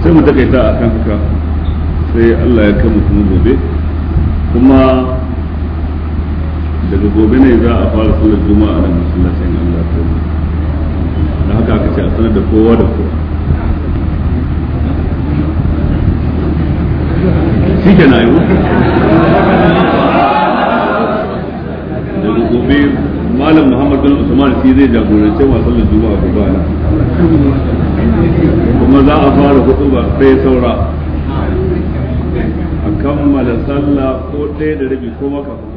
S1: sai mu takaita a kan haka sai Allah ya kama kuma gobe kuma daga gobe ne za a fara sallar juma'a nan masallacin Allah ta yi da haka aka ce a sanar da kowa da kowa shi ke na yi daga gobe malam muhammadu usman shi zai jagorance da juma'a gobe a nan
S2: kuma za a fara hudu ba sai saura a kammala sallah
S1: ko ɗaya da rabi ko maka